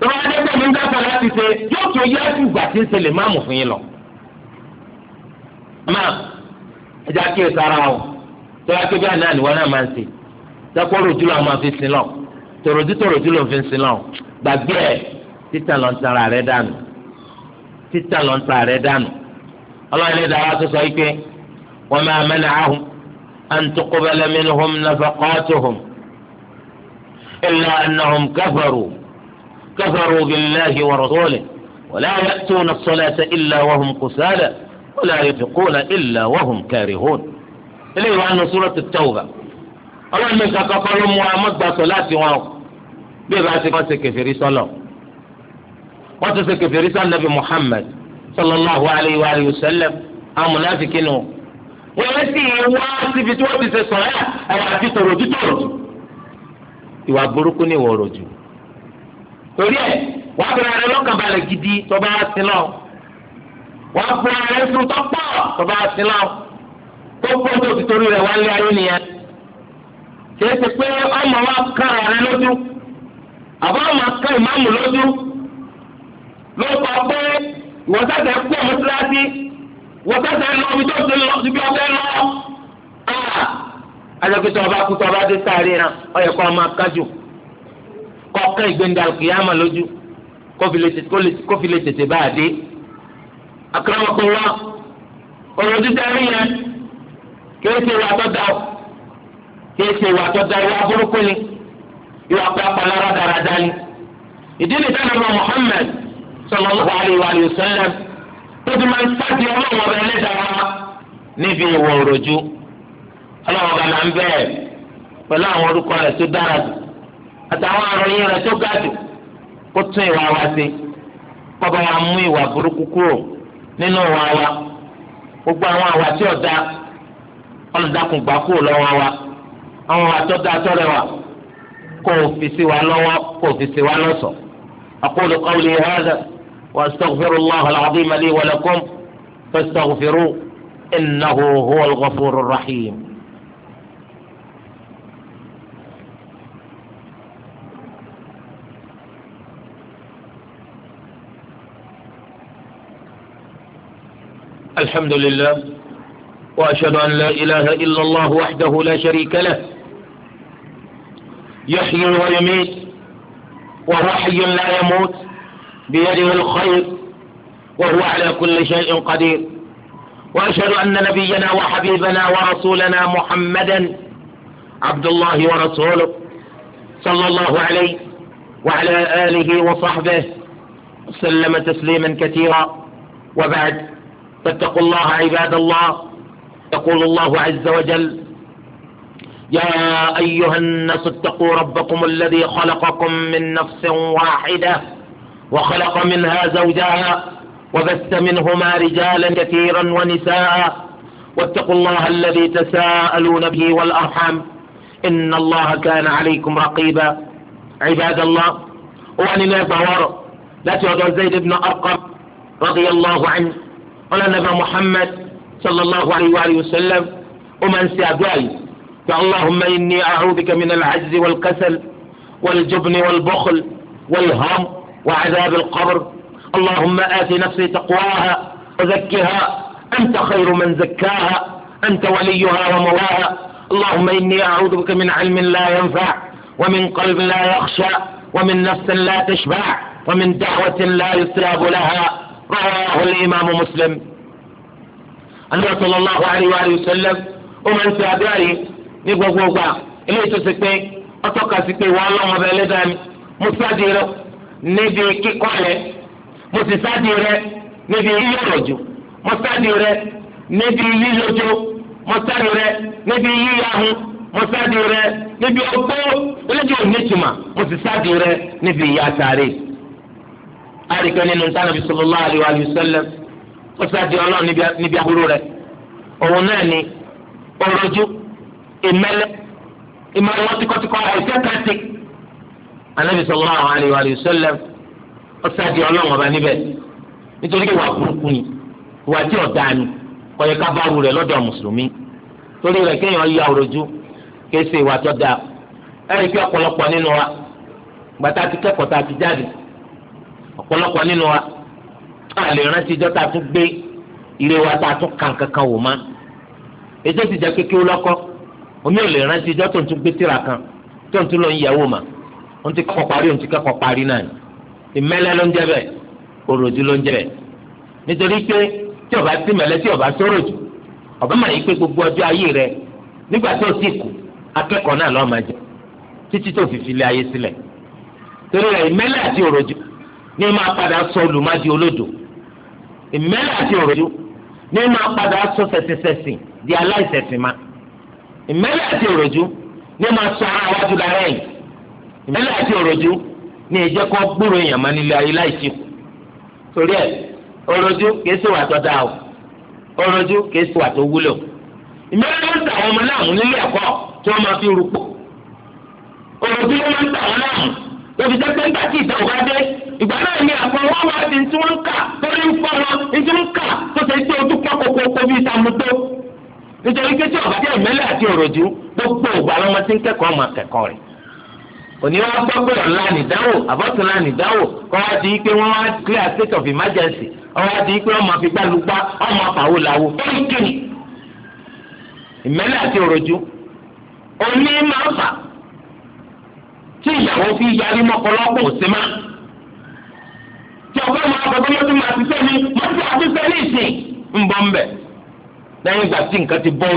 tọ́wọ́ adébẹ̀ mi ń dábàá láti ṣe yóò tó yá ju ìgbà tí ń ṣẹlẹ̀ máàmù tòròjú tòròjú ló fi ń sin lọ gbàgbé ẹ títà lọ ń tara rẹ dànù títà lọ ń tara rẹ dànù ọlọ́run ní ìdáwà tó sọ ike wọ́n máa mẹ́nà áhùn an tuqbala minhum nafaqatuhum illa annahum kafaru kafaru billahi wa rasulihi ولا يأتون الصلاة إلا وهم كسالى ولا ينفقون إلا وهم كارهون إليه عن سورة التوبة ọlọ́run ní nǹkan kọ́kọ́ ló mú wa mọ́gbàsọ láti wọn o bí ìbá ti kọ́ ṣe kẹfìrí sọ́lọ̀ wọ́n tún ṣe kẹfìrí sọ́lọ̀ nàbì Muhammad sallallahu alayhi wa alihi wa sallam amúnáfikín o wọ́n sì wá síbi tí wọ́n ti ṣe sọ̀rọ̀ ẹ̀ àti tòròjú tòròjú ìwà burúkú ni ìwọ̀ òròjú torí ẹ̀ wà á bẹ̀rẹ̀ lọ́kàn balẹ̀ gidi tọba sí lọ wà á bẹ̀rẹ̀ sùn tọ́pọ̀ tọba sí lọ tó kó tó ti torí rẹ̀ wá ayé nìyẹn kìí ṣe pé ọmọ wa kára rẹ lójú àbá ọmọ ká ìmáàmù lójú ló kọ pé wọ́n sàtẹ̀ kú ọmọ síláàsì wọ́n sàtẹ̀ lọ ibi tó ti lọ ibi ọbẹ̀ lọ. ajọ́kítà ọba kú tó ọba dé sáré hàn ọyẹ kó ọmọ akájù kọ́ ká ìgbéǹda kìyàmà lójú kó fi lè tètè bá a dé. akọ́nàmọ́kọ́ wa ọ̀rọ̀ títẹ̀ rí yẹn kí ó ti wà tó kìí ṣe ìwà tó darí wá burúkú ni ìwà pàápàá dáradára ni. ìdí ni sẹ́ni ọmọ Muhammad sallallahu alaihi wa sallam tó ti máa ń sáàtì ọlọ́wọ́ ọba ẹlẹ́dàá níbi ìwọ̀ òròjú ọlọ́wọ́ ọba ń pẹ̀lú àwọn orúkọ tó dára jù àtàwọn àròyìn tó ga jù kó tún ìwà wa wa mú ìwà burúkú kúrò nínú ìwà wa gbogbo àwọn àwa tí ọ̀dà ọlọ́dàkùn gbà kúrò lọ́wọ́ wa. àwọn àtọ́dá àtọ́rẹwà kó o fi sí wa lọ́wọ́ kó o fi sí wa lọ́sọ̀. أقول قولي هذا وأستغفر الله العظيم لي ولكم فاستغفروه إنه هو الغفور الرحيم الحمد لله واشهد ان لا اله الا الله وحده لا شريك له يحيي ويميت وهو حي لا يموت بيده الخير وهو على كل شيء قدير واشهد ان نبينا وحبيبنا ورسولنا محمدا عبد الله ورسوله صلى الله عليه وعلى اله وصحبه سلم تسليما كثيرا وبعد فاتقوا الله عباد الله يقول الله عز وجل يا أيها الناس اتقوا ربكم الذي خلقكم من نفس واحدة وخلق منها زوجها وبث منهما رجالا كثيرا ونساء واتقوا الله الذي تساءلون به والأرحام إن الله كان عليكم رقيبا عباد الله وأن لا بوار لا تعد زيد بن أرقم رضي الله عنه ولا نبى محمد صلى الله عليه وآله وسلم ومن سيابعي فاللهم إني أعوذ بك من العجز والكسل والجبن والبخل والهم وعذاب القبر اللهم آت نفسي تقواها وزكها أنت خير من زكاها أنت وليها ومولاها اللهم إني أعوذ بك من علم لا ينفع ومن قلب لا يخشى ومن نفس لا تشبع ومن دعوة لا يستجاب لها رواه الإمام مسلم النبي صلى الله عليه وآله وسلم ومن تابعه ní gbogbo gbà eléyìí tó ṣe pé ọtọ́ka sí pé ìwọ ọlọ́run ọba ẹlẹ́dàá mi mo sáàdì rẹ níbi kíkọ́ rẹ mo sì sáàdì rẹ níbi yíyọ̀rọ̀jù mo sáàdì rẹ níbi yíyọjọ mo sáàdì rẹ níbi yíyahun mo rẹ níbi ọgbọ́ eléyìí ò mo sì rẹ e ìmọ̀lẹ́ wọn tíkọ́tíkọ́ àìsẹ́ kẹ́sì. anabi sallallahu alayhi wa sallam ọ̀sàdì ọlọ́run ọba níbẹ̀ nítorí ìwà burúkú ni ìwà tí ni mùsùlùmí torí kéèyàn kéèsì ìwà tó dáa kí nínú wa gbàtà ti ti jáde nínú wa lè rántí ijọ́ tún gbé tún kàn kankan wò má kékeré lọ́kọ́ omi ò lè rántí ijọ́ tó ń tún gbé tíra kan tó ń tún lọ ń yẹ̀wò mà ń ti kọ́ parí ń ti kẹ́kọ̀ọ́ parí náà ìmẹ́lẹ́ ló ń jẹ́ bẹ́ẹ̀ òròjú ló ń jẹ́ bẹ́ẹ̀ nítorí pé tí ọba sí mẹ́lẹ́ tí ọba sọ̀rọ̀ jù ọba mà yí pé gbogbo ọjọ́ ayé rẹ nígbà tó sì kù akẹ́kọ̀ọ́ náà lọ́ọ́ máa jẹ títí tó fìfì lé ayé sílẹ̀ torí rẹ ìmẹ́lẹ́ àti òròjú ní máa padà sọ olùmọ́dí olódò ìmẹ́lẹ́ àti òròjú ní máa padà sọ sẹ̀sìnsẹ̀sìn di aláìsẹ̀sìn máa ìmẹ́lẹ̀ àti òròjú ní ma sọ ara wájú lára yìí ìmẹ́lẹ̀ àti òròjú ní ìjẹ́ kó gbúrò èèyàn máa nílé ayé láìsí kù torí ẹ̀ òròjú kìí ṣe wà tó dáa o òròjú kìí ṣe wà tó wúlò ìmẹ́lẹ̀ ló ń ta àwọn ọmọ náà mú nílé ẹ̀kọ́ tí wọ́n máa fi rúpò òròjú ló máa ń ta àwọn náà mú lóbi jẹ́ pé nígbà tí ìtàn ò dé ìgbà náà ni àpò wọn wá di tí wọ́n ń k rojú gbogbo ògbà lọ́mọ tí ń kẹ́kọ̀ọ́ ọmọ akẹ́kọ̀ọ́ rẹ̀ òní wọn gbọ́ pé ọ̀la nìdáwò àbọ̀tún la nìdáwò kọ́ wá di pé wọ́n wá clear state of emergency wọ́n wá di pé ọmọ àfigbá lupá ọmọ àfàwò làwò kéèkéè ìmẹ́lẹ̀ àti òní máa fà tí ìyàwó fi yarí sí tí máa bọ̀ máa ti sẹ́ni sẹ́ni ìsìn ń bọ́ ń bẹ̀ lẹ́yìn ìgbà tí nǹkan ti bọ́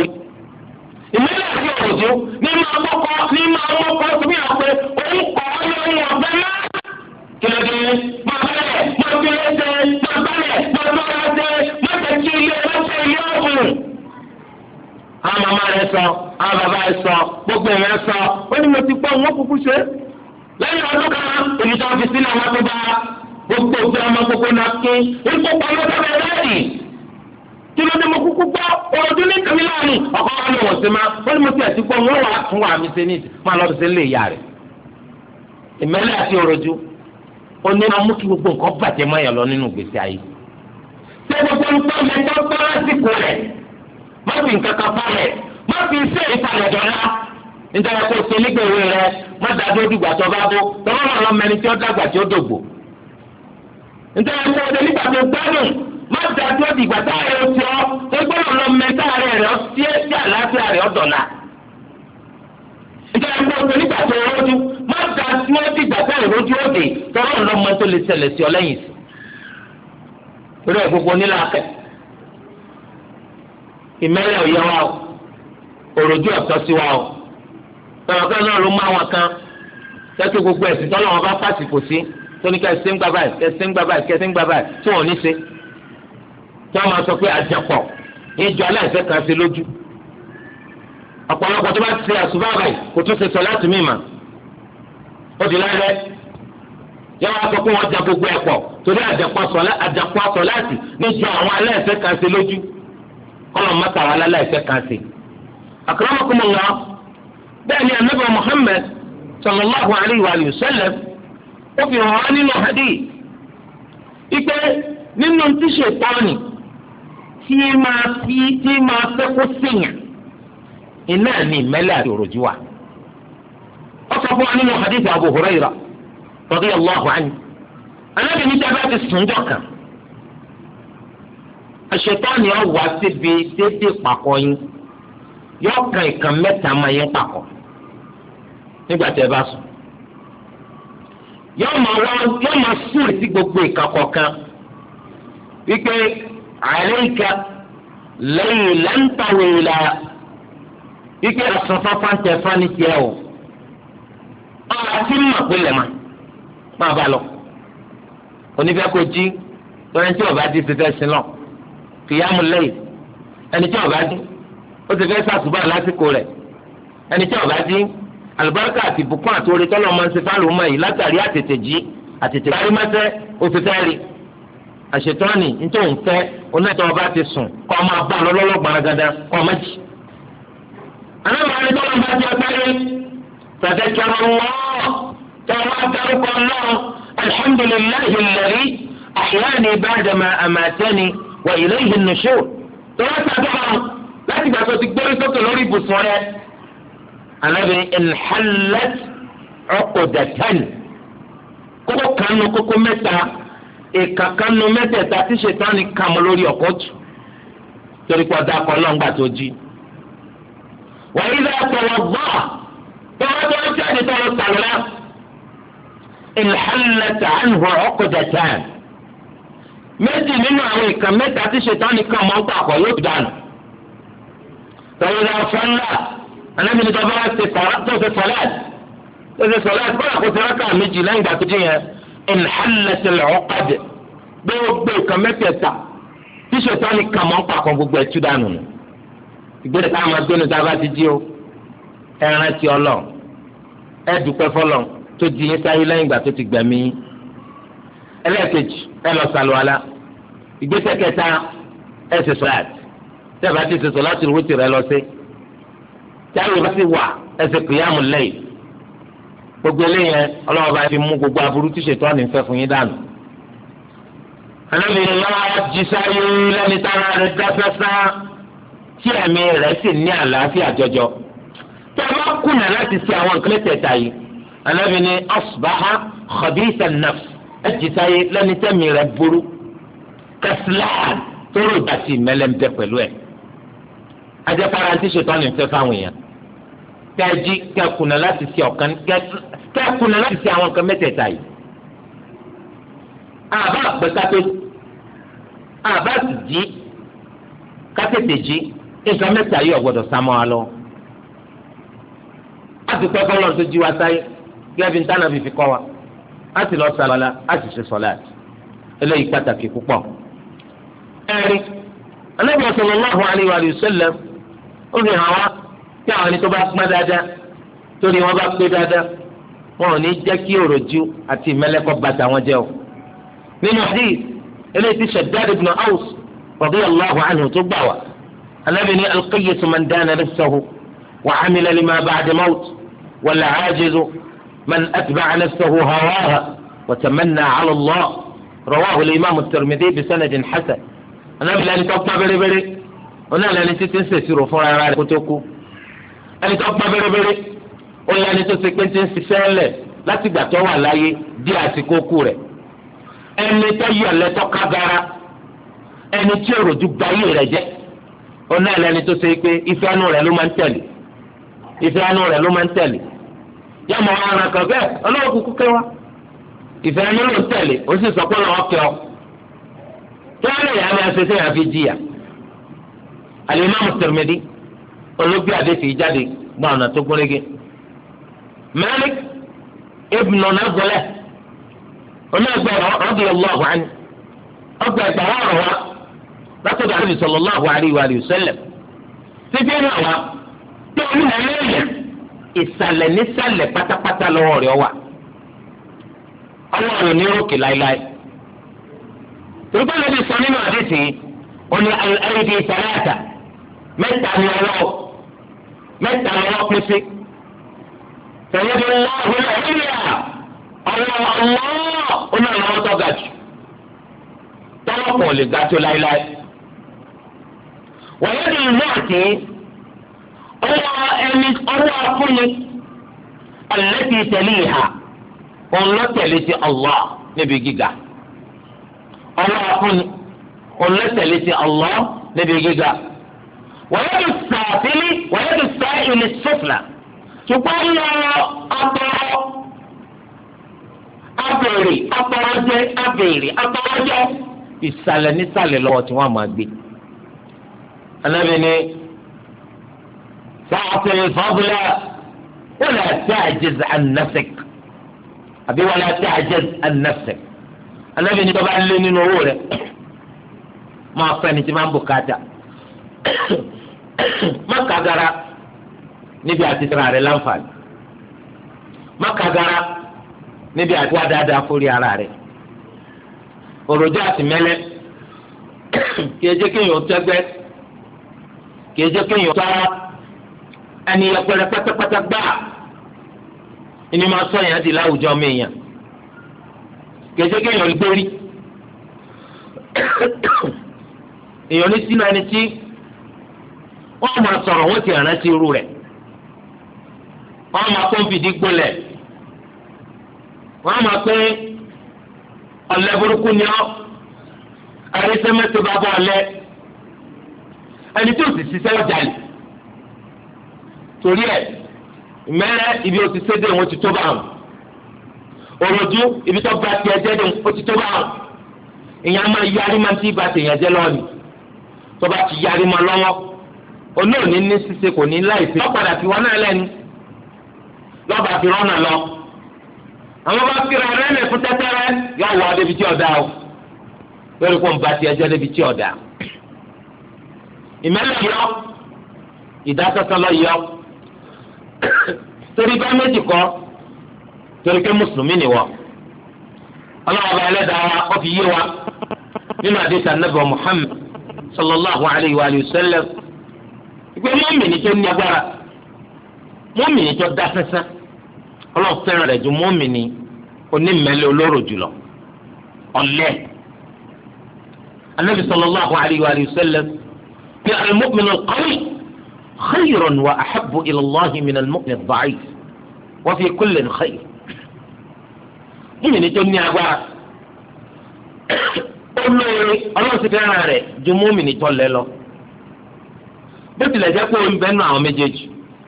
ìmọ̀lẹ̀ àti òjò nínú ọmọkọ nínú ọmọkọ tó bí àpè orúkọ ọlọ́run ọ̀bẹ náà. kìlọ̀dé bàbálẹ̀ bàbílẹ̀dẹ̀ bàbálẹ̀ bàbálẹ̀ mọ̀tẹ̀kì ilé ọ̀sẹ̀ ilé ọ̀hún. àwọn màmá rẹ sọ àwọn bàbá rẹ sọ gbogbo èèyàn sọ ó ní mo ti gbọ́ wọn kúkú ṣe. lẹ́yìn ọdún kan èmi tó fi sílẹ̀ wọn tó bá gbogbo ìgbà ọmọ gbogbo náà kí ikú pamọ́ sábẹ́ láàyè. kí ló dé mo kúkú gbọ́ òròdú ní kàmí ọkọ wa ni wọ́n ṣe máa wọ́n ní mo ti ẹ̀ gbọ́ wọ́n wà á tún wà mí ṣe ní máa lọ́dún sí ilé ìyá rẹ̀ ìmẹ́lẹ̀ àti ó ní mú kí gbogbo nǹkan bàjẹ́ máa yàn lọ nínú ayé ṣé gbogbo nǹkan mi tó gbọ́ lásìkò rẹ̀ má fi nǹkan kan fọ́ rẹ̀ má fi ṣe nítorí ṣe má dájú ọdìgbà táàrẹ o ti ọ tó gbọ́dọ̀ lọ mẹ táàrẹ rẹ ọ sí ẹsẹ̀ àlàáfíà rẹ ọdọlà ìjọba ẹgbẹ́ oṣù nígbà tó rọjú má dájú ọdìgbà táàrẹ rọjú òde tọrọ lọmọ tó lè ṣẹlẹ̀ sí ọ lẹ́yìn sí torí ẹ gbogbo nílò akẹ ìmẹlẹ ò yẹ wa o òròjú ọ̀tọ̀ sí wa o tọrọ kan náà ló mú àwọn kan tẹ́tí gbogbo ẹ̀sìn tọ́lọ́wọ́n bá fàṣìkò sí tóníkà tí wọ́n máa sọ pé àjẹpọ̀ ìjọ aláìsẹ́ kan sí lójú ọ̀pọ̀lọpọ̀ tó bá ti ṣe àṣùbà báyìí kò tún ṣe sọ láti mí mà ó di lálẹ́ yẹ wọ́n sọ pé wọ́n jẹ gbogbo ẹ̀ pọ̀ torí àjẹpọ̀ sọ láti níjọ àwọn aláìsẹ́ kan sí lójú wà láláìsẹ́ kan sí. bẹ́ẹ̀ ni anabi muhammed sallallahu ipe nínú tí máa fi tí máa fẹ́ kó sèyàn iná àti òròjú wa. ó fún wa nínú hadith Abu Hurayra radiyallahu anhu dábàá ti sùn jọ kàn àṣetọ́ni ọ̀wà síbi dédé pàkọ́ yín kan ìkan mẹ́ta máa pàkọ́ nígbà tí ẹ bá sùn máa wá máa gbogbo ìkàkọ̀ kan عليك lẹ́yìn lẹ́ńtàwéèlà ike àsọfáfá ń tẹ fani tiẹ̀ o àti màpínlẹ̀ ma máa bá lọ onífẹ́ kò jí lọ́rẹ́ tí ọba dín ti fẹ́ sin lọ kìyàmù lẹ́yìn ẹni tí ọba dín ó ti fẹ́ sàtúbà lásìkò rẹ̀ ẹni tí ọba dín alùbáríkà àti bùkún àti orí tọ́lọ́ máa ń ṣe fáàlù mọ́ yìí látàrí àtètè jí àtètè parí mọ́sẹ́ ó ti fẹ́ rí i àṣetọ́ni nítorí òun fẹ́ onítọ̀ ọba ti sùn kọ́ ọmọ abá lọ́lọ́lọ́ gbàràgàdà kọ́ ọmọ jì. anáwó àti tọ́lá bá ti ọpẹ́rẹ́ tàdékẹ́rọ lọ́ tọ́lá dárúkọ náà alhamdulilayi lẹ́rí àyáni bàdàmà àmàtẹ́ni wà ilayhi nushur tọ́lá sàdúrà láti gbà tó ti gbórí sókè lórí ibùsùn rẹ̀ anábì ìnḥàlẹ́t ọkọ̀ kókó kanú kókó mẹ́ta ìkàkànnù mẹ́tẹ̀ẹ̀ta tí ṣètánì kàmú lórí ọ̀kọ́ tù torí pé ọ̀dà kan lọ́ngbà tó jí. wàá ilé ọ̀pọ̀lọ̀ gbọ́ tọ́wọ́ tó ń jáde tọ́lọ́ sàlọ́lá ìlànàtà ànhù ọ̀kọ̀dàtà méjì nínú àwọn ìkàn mẹ́ta tí ṣètánì kàmú ọ̀gbà kọ̀ yóò dànù. tọ́wọ́ ilé ọ̀fọ́nlá anábìnrin tó bá ṣe sọ̀lá ìnḥàlẹ́tẹ̀lẹ̀ ọ̀kadì gbogbo nǹkan mẹ́tẹ̀ẹ̀ta tí sọ̀tánì kà mọ́ pa kan gbogbo ẹ̀tú dànù nù ìgbésẹ̀ tá a máa gbénu tá a bá ti jí o ẹ rántí ọlọ́ ẹ dúpẹ́ fọlọ́ tó di yín sáyé lẹ́yìn ìgbà tó ti gbẹ̀mí yín ẹlẹ́ẹ̀kejì ẹ sàlùwàlà ìgbésẹ̀ kẹta ẹ sì sọ̀láàtì bá ti sì sọ̀láàtì rúwìtì rẹ lọ sí táwọn ìbá ti wà ẹ kìyàmù lẹ́yìn gbogbo eléyẹn ọlọ́wọ́ bá fi mú gbogbo aburú tí ṣètò ọ̀nì fẹ́ fún yín dànù. anábìrin lọ́wọ́ jísáyé lẹ́ni tára rẹ̀ dáfẹ́ sá tí ẹ̀mí rẹ̀ sì ní àlàáfíà jọjọ. tó a bá kùnà láti ṣe àwọn nǹkan tẹ̀ta yìí anábìrin asbaha khabisa nafs ẹ̀ jísáyé lẹ́ni tẹ̀mí rẹ̀ burú kẹsìláàn tó rò dàtí mẹ́lẹ́mbẹ́ pẹ̀lú ẹ̀. ajẹ́pára tí ṣètò ọ̀nì fẹ́ fáwọn èèyàn kẹ́ẹ̀jí kẹ́ẹ̀kùnà láti ṣe ọ̀kan kẹ́ẹ̀kùnà kẹ́kùnà láti ṣe àwọn nǹkan mẹ́tẹ̀ẹ̀ta yìí àbá àgbẹ̀kápẹ́ àbá sì jí kátètè jí nǹkan mẹ́ta yìí ọ̀gbọ́dọ̀ sá wa lọ. a ti pẹ́ fọlọ́run tó jí wa sáyé gẹ́gẹ́ bí ntánà fífi kọ́ wa a sì lọ sàlọ́lá a sì ṣe sọ́lá eléyìí pàtàkì púpọ̀. ẹ̀rí anábìyà sallallahu alaihi wa sallam ó fi hàn wá kí àwọn ẹni wọn ò ní jẹ́ kí òròjú àti ìmẹ́lẹ́kọ̀ bá tàwọn jẹ́ o. nínú hadith eléyìí ti Shaddad ibn Aws radiyallahu anhu tó gbà wá anábì ní al-qayyisu man dana nafsahu wa amila lima ba'da mawt wal-'ajizu man atba'a nafsahu hawaha wa tamanna 'ala Allah rawahu al-imam at-Tirmidhi bi sanadin hasan anábì lẹni tó pa ó yẹ ẹni tó ṣe pé ti ń ṣiṣẹ́ lẹ̀ láti gbà tó wà láyé di àsìkò kú rẹ̀ ẹni tó yọ lẹ́tọ́ kágara ẹni tí òròjú gba ayé rẹ̀ jẹ́ ó náà lẹni tó ṣe pé ìfẹ́ inú rẹ̀ ló máa ń tẹ̀lé ìfẹ́ inú rẹ̀ ló máa ń tẹ̀lé yàmọ̀ ọ̀ràn kan bẹ́ẹ̀ ọlọ́wọ́ kúkú kẹwa ìfẹ́ inú ló ń tẹ̀lé ó sì sọ pé ọlọ́wọ́ kẹ ọ tó wọ́n lè yà á sẹ́yìn àfi jìyà Al-Imam Tirmidhi olóògbé àdéhìí jáde gbọ́n Malik ibn Nazalah onígbàgbọ́ ọ̀gbìn ọlọ́ọ̀hún àná ọgbà ẹ̀gbà wà rọ̀ wá látọ̀dọ̀ àbí sallallahu alaihi wa sallam síbi náà wá tó onímọ̀ lẹ́yìn ìsàlẹ̀ nísàlẹ̀ pátápátá lọ́wọ́ rẹ̀ wà ọlọ́run ní òkè láéláé tòlúkọ́ lóbi sọ nínú àdìsí oní ẹ̀ẹ́dì ìsàlẹ̀ àtà mẹ́ta ni ọlọ́ọ̀ mẹ́ta ni ọlọ́ọ̀ pín sí tẹ̀yẹ́ bí wọ́n fi nàìjíríà àwọn ọmọ onílọ́wọ́ tó ga jù tọ́lọ́kùn ò lè ga tó láéláé. wọ́n yẹ́ bí náà sí ọwọ́ ẹni ọwọ́ afúnni ọ̀lẹ́tì tẹ̀lé ìhà òun lọ tẹ̀lé ti Allah níbi gíga ọwọ́ afúnni òun ti Allah níbi gíga wọ́n yẹ́ bí sàfílì wọ́n yẹ́ bí sàfílì sọ́fìlà ṣùgbọ́n lọ abọ́rọ́ abèrè abọ́rọ́jẹ́ abèrè abọ́rọ́jẹ́ ìsàlẹ̀ nísàlẹ̀ lọ́wọ́ tí wọ́n máa gbé. anábì ni sàtìlì fọ́bùlà wọ́n lè tẹ́ àjẹs ànásẹ̀k àbí wọ́n lè tẹ́ àjẹs ànásẹ̀k anábì ni bàbá lé nínú owó rẹ̀ máa fẹ́ni tí máa ń bùkátà má kàgàrà níbi àti tẹ̀ra rẹ̀ láǹfààní má kagara níbi àti wá dáadáa fórí ara rẹ̀ òròjọ àti mẹ́lẹ́ kì í jẹ́ kéèyàn tẹ́gbẹ́ kì í jẹ́ kéèyàn tọ́ra ẹni yẹpẹrẹ pátápátá gbáà ẹni máa sọ yẹn ti láwùjọ mẹ́yàn kì í jẹ́ kéèyàn gbórí èèyàn ní sínú ẹni tí wọ́n máa sọ̀rọ̀ wọ́n ti rántí irú rẹ̀ wọ́n á máa kó fìdí gbolẹ̀ wọ́n á máa pé ọ̀lẹ́ burúkú ni ọ́ àrísẹ́mẹ́sẹ́ bá bọ̀ ọ̀lẹ́ ẹni tó sì ṣiṣẹ́ ọ̀jàlè torí ẹ̀ mẹ́rẹ́ ibi òṣìṣẹ́ dé wọn ti tó bá wọn òròjú ibi tó bá tiẹ̀ jẹ́ dé wọn ti tó bá wọn èèyàn máa yarí máa ti bá tèèyàn jẹ́ tó bá ti yarí máa lọ́wọ́ onóòní ní ṣíṣe kò ní láìsí ọ̀padà tiwọn náà lẹ́nu lọ́ba fi rọ́nà lọ. àwọn bá fi rẹ̀ lẹ́lẹ̀ fún tẹ́tẹ́rẹ́ yọ wọ débi tí ọ̀dà o lórí kó n ba tiẹ̀ jẹ́ débi tí ọ̀dà. ìmẹ́lẹ̀ yọ ìdásọ́sọ́ lọ yọ torí bá méjì kọ́ torí pé mùsùlùmí ni wọ́n ọlọ́wọ́ bá ẹlẹ́dàá wa ó fi yé wa nínú àdéhùn anábì Muhammad sallallahu alayhi wa sallam ìgbẹ́ mọ́mìnì tó ní agbára mọ́mìnì tó dá sánsán ọlọ́run fẹ́ràn rẹ̀ ju mọ́mìnì onímẹ̀lẹ́ olóró jùlọ ọ̀lẹ́ anabi sallallahu alayhi wa sallam kí al-mu'min al-qawi khayrun wa ahabbu ila allahi min al-mu'min ad-da'if wa fi kullin khayr mọ́mìnì tó ní agbára olóore ọlọ́run ti fẹ́ràn rẹ̀ ju mọ́mìnì tó lẹ́ lọ bó tilẹ̀ jẹ́ pé o ń bẹ́ẹ̀ àwọn méjèèjì.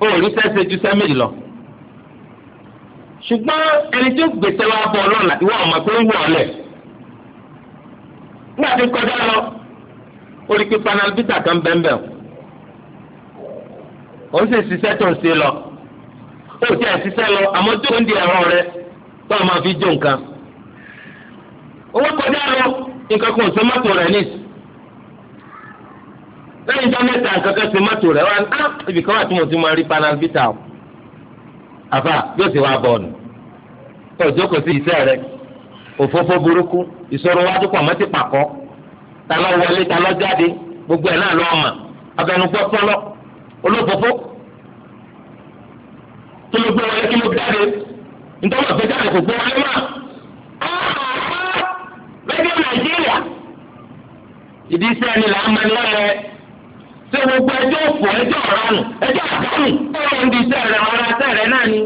òòrí sẹ́sẹ́ ju sẹ́ méjì lọ. ṣùgbọ́n ẹni tí ó gbèsè wa bọ̀ lọ́la ìwọ ọmọ pé ń wọ̀ ọ́lẹ̀. nígbà tí kọjá lọ orí pé panel bita kan bẹ́ẹ̀ o sì ṣiṣẹ́ tó ń ṣe lọ o ti ẹ̀ ṣiṣẹ́ lọ àmọ́ tó ń di ẹ̀rọ rẹ tó o máa fi jó nǹkan. owó kọjá lọ nǹkan kan ò sọ mọ́tò rẹ̀ nísì lẹ́yìn tó mẹ́ta nǹkan kan mọ́tò rẹ̀ wá á ah, ibi kan wà tí mo ti máa rí panel vita o àfà yóò sì wá bọ́ọ̀nù ọjọ́ kò sí iṣẹ́ rẹ̀ òfófó burúkú ìṣòro wájú pọ̀ mọ́tì pàkọ́ ta wọlé ta jáde gbogbo ẹ̀ náà ló mà abẹnugbọ́ pọ́lọ́ olófófó kí ló gbé wọlé kí ló jáde nítorí ọ̀fẹ́ jáde kò gbé wọlé Nàìjíríà ìdí ṣé gbogbo ẹjọ́ òfò ẹjọ́ ọ̀ranù ẹjọ́ àdánù ọ̀rọ̀ ń di iṣẹ́ rẹ̀ ọ̀rọ̀ iṣẹ́ rẹ̀ náà ni.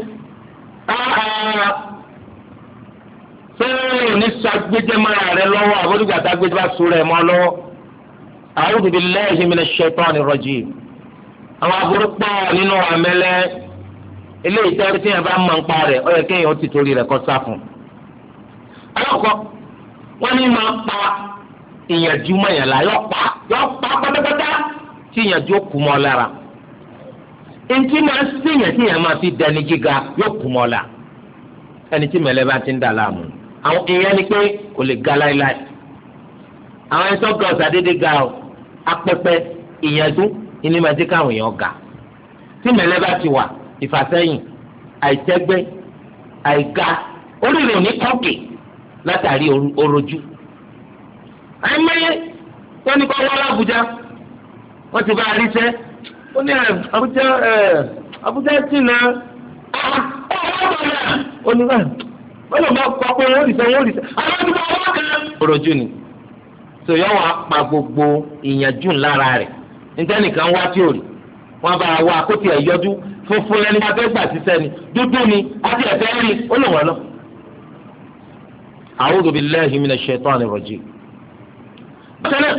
sọ́ọ̀rọ̀ ní sàgbéjẹ́ mọ́ra rẹ lọ́wọ́ àbójúgbà sàgbéjẹ́ bá sùn rẹ̀ mọ́ lọ́wọ́. a'udhu billahi minash shaitani rajim. àwọn aburú pọ̀ nínú àmẹ́lẹ́ eléyìí tẹ́rí tí yẹn bá mọ̀ ń pa rẹ̀ ó yẹ kéèyàn ó ti torí rẹ̀ kọ́ sá fún. alákọ̀ọ́ wọ́n ní máa pa ìyànjú mọ̀yàn lá yọ pa yọ pa pátápátá tí ìyànjú kù mọ́ lára ntí máa ń sèyàn tí yàn máa fi dání gíga yóò kù mọ́ la ẹni tí mẹlẹ bá ti ń dà láàmú àwọn èèyàn ni pé kò lè ga láéláé àwọn ẹni tó ga ọ̀sà déédéé ga ọ apẹpẹ ìyànjú ìní máa dé káwọn èèyàn ga tí mẹlẹ bá ti wà ìfàsẹ́yìn àìtẹ́gbẹ́ àìga oríire òní kọ́ọ̀kì látàrí orojú àìmọye wọn ni kọ́ wọ́n lábújá wọ́n ti bá a rí sẹ́ ó ní eh, Abuja eh, Abuja ti na ah, ah, ah, ó ní wọ́n lọ máa kọ́ pé wọ́n rí sẹ́ wọ́n rí sẹ́ àwọn ti bá wọn kan. orojú ni sòyọ́ wa pa gbogbo ìyànjú lára rẹ̀ nítẹ́nìkan wá tí ò rí wọ́n bá wa kó tiẹ̀ yọjú funfun lẹni wọ́n fẹ́ gbà sísẹ́ ni dúdú ni àti ẹ̀fẹ́ rí ó lè wọ́n lọ. a'udhu billahi minash shaitani rajim. bákan náà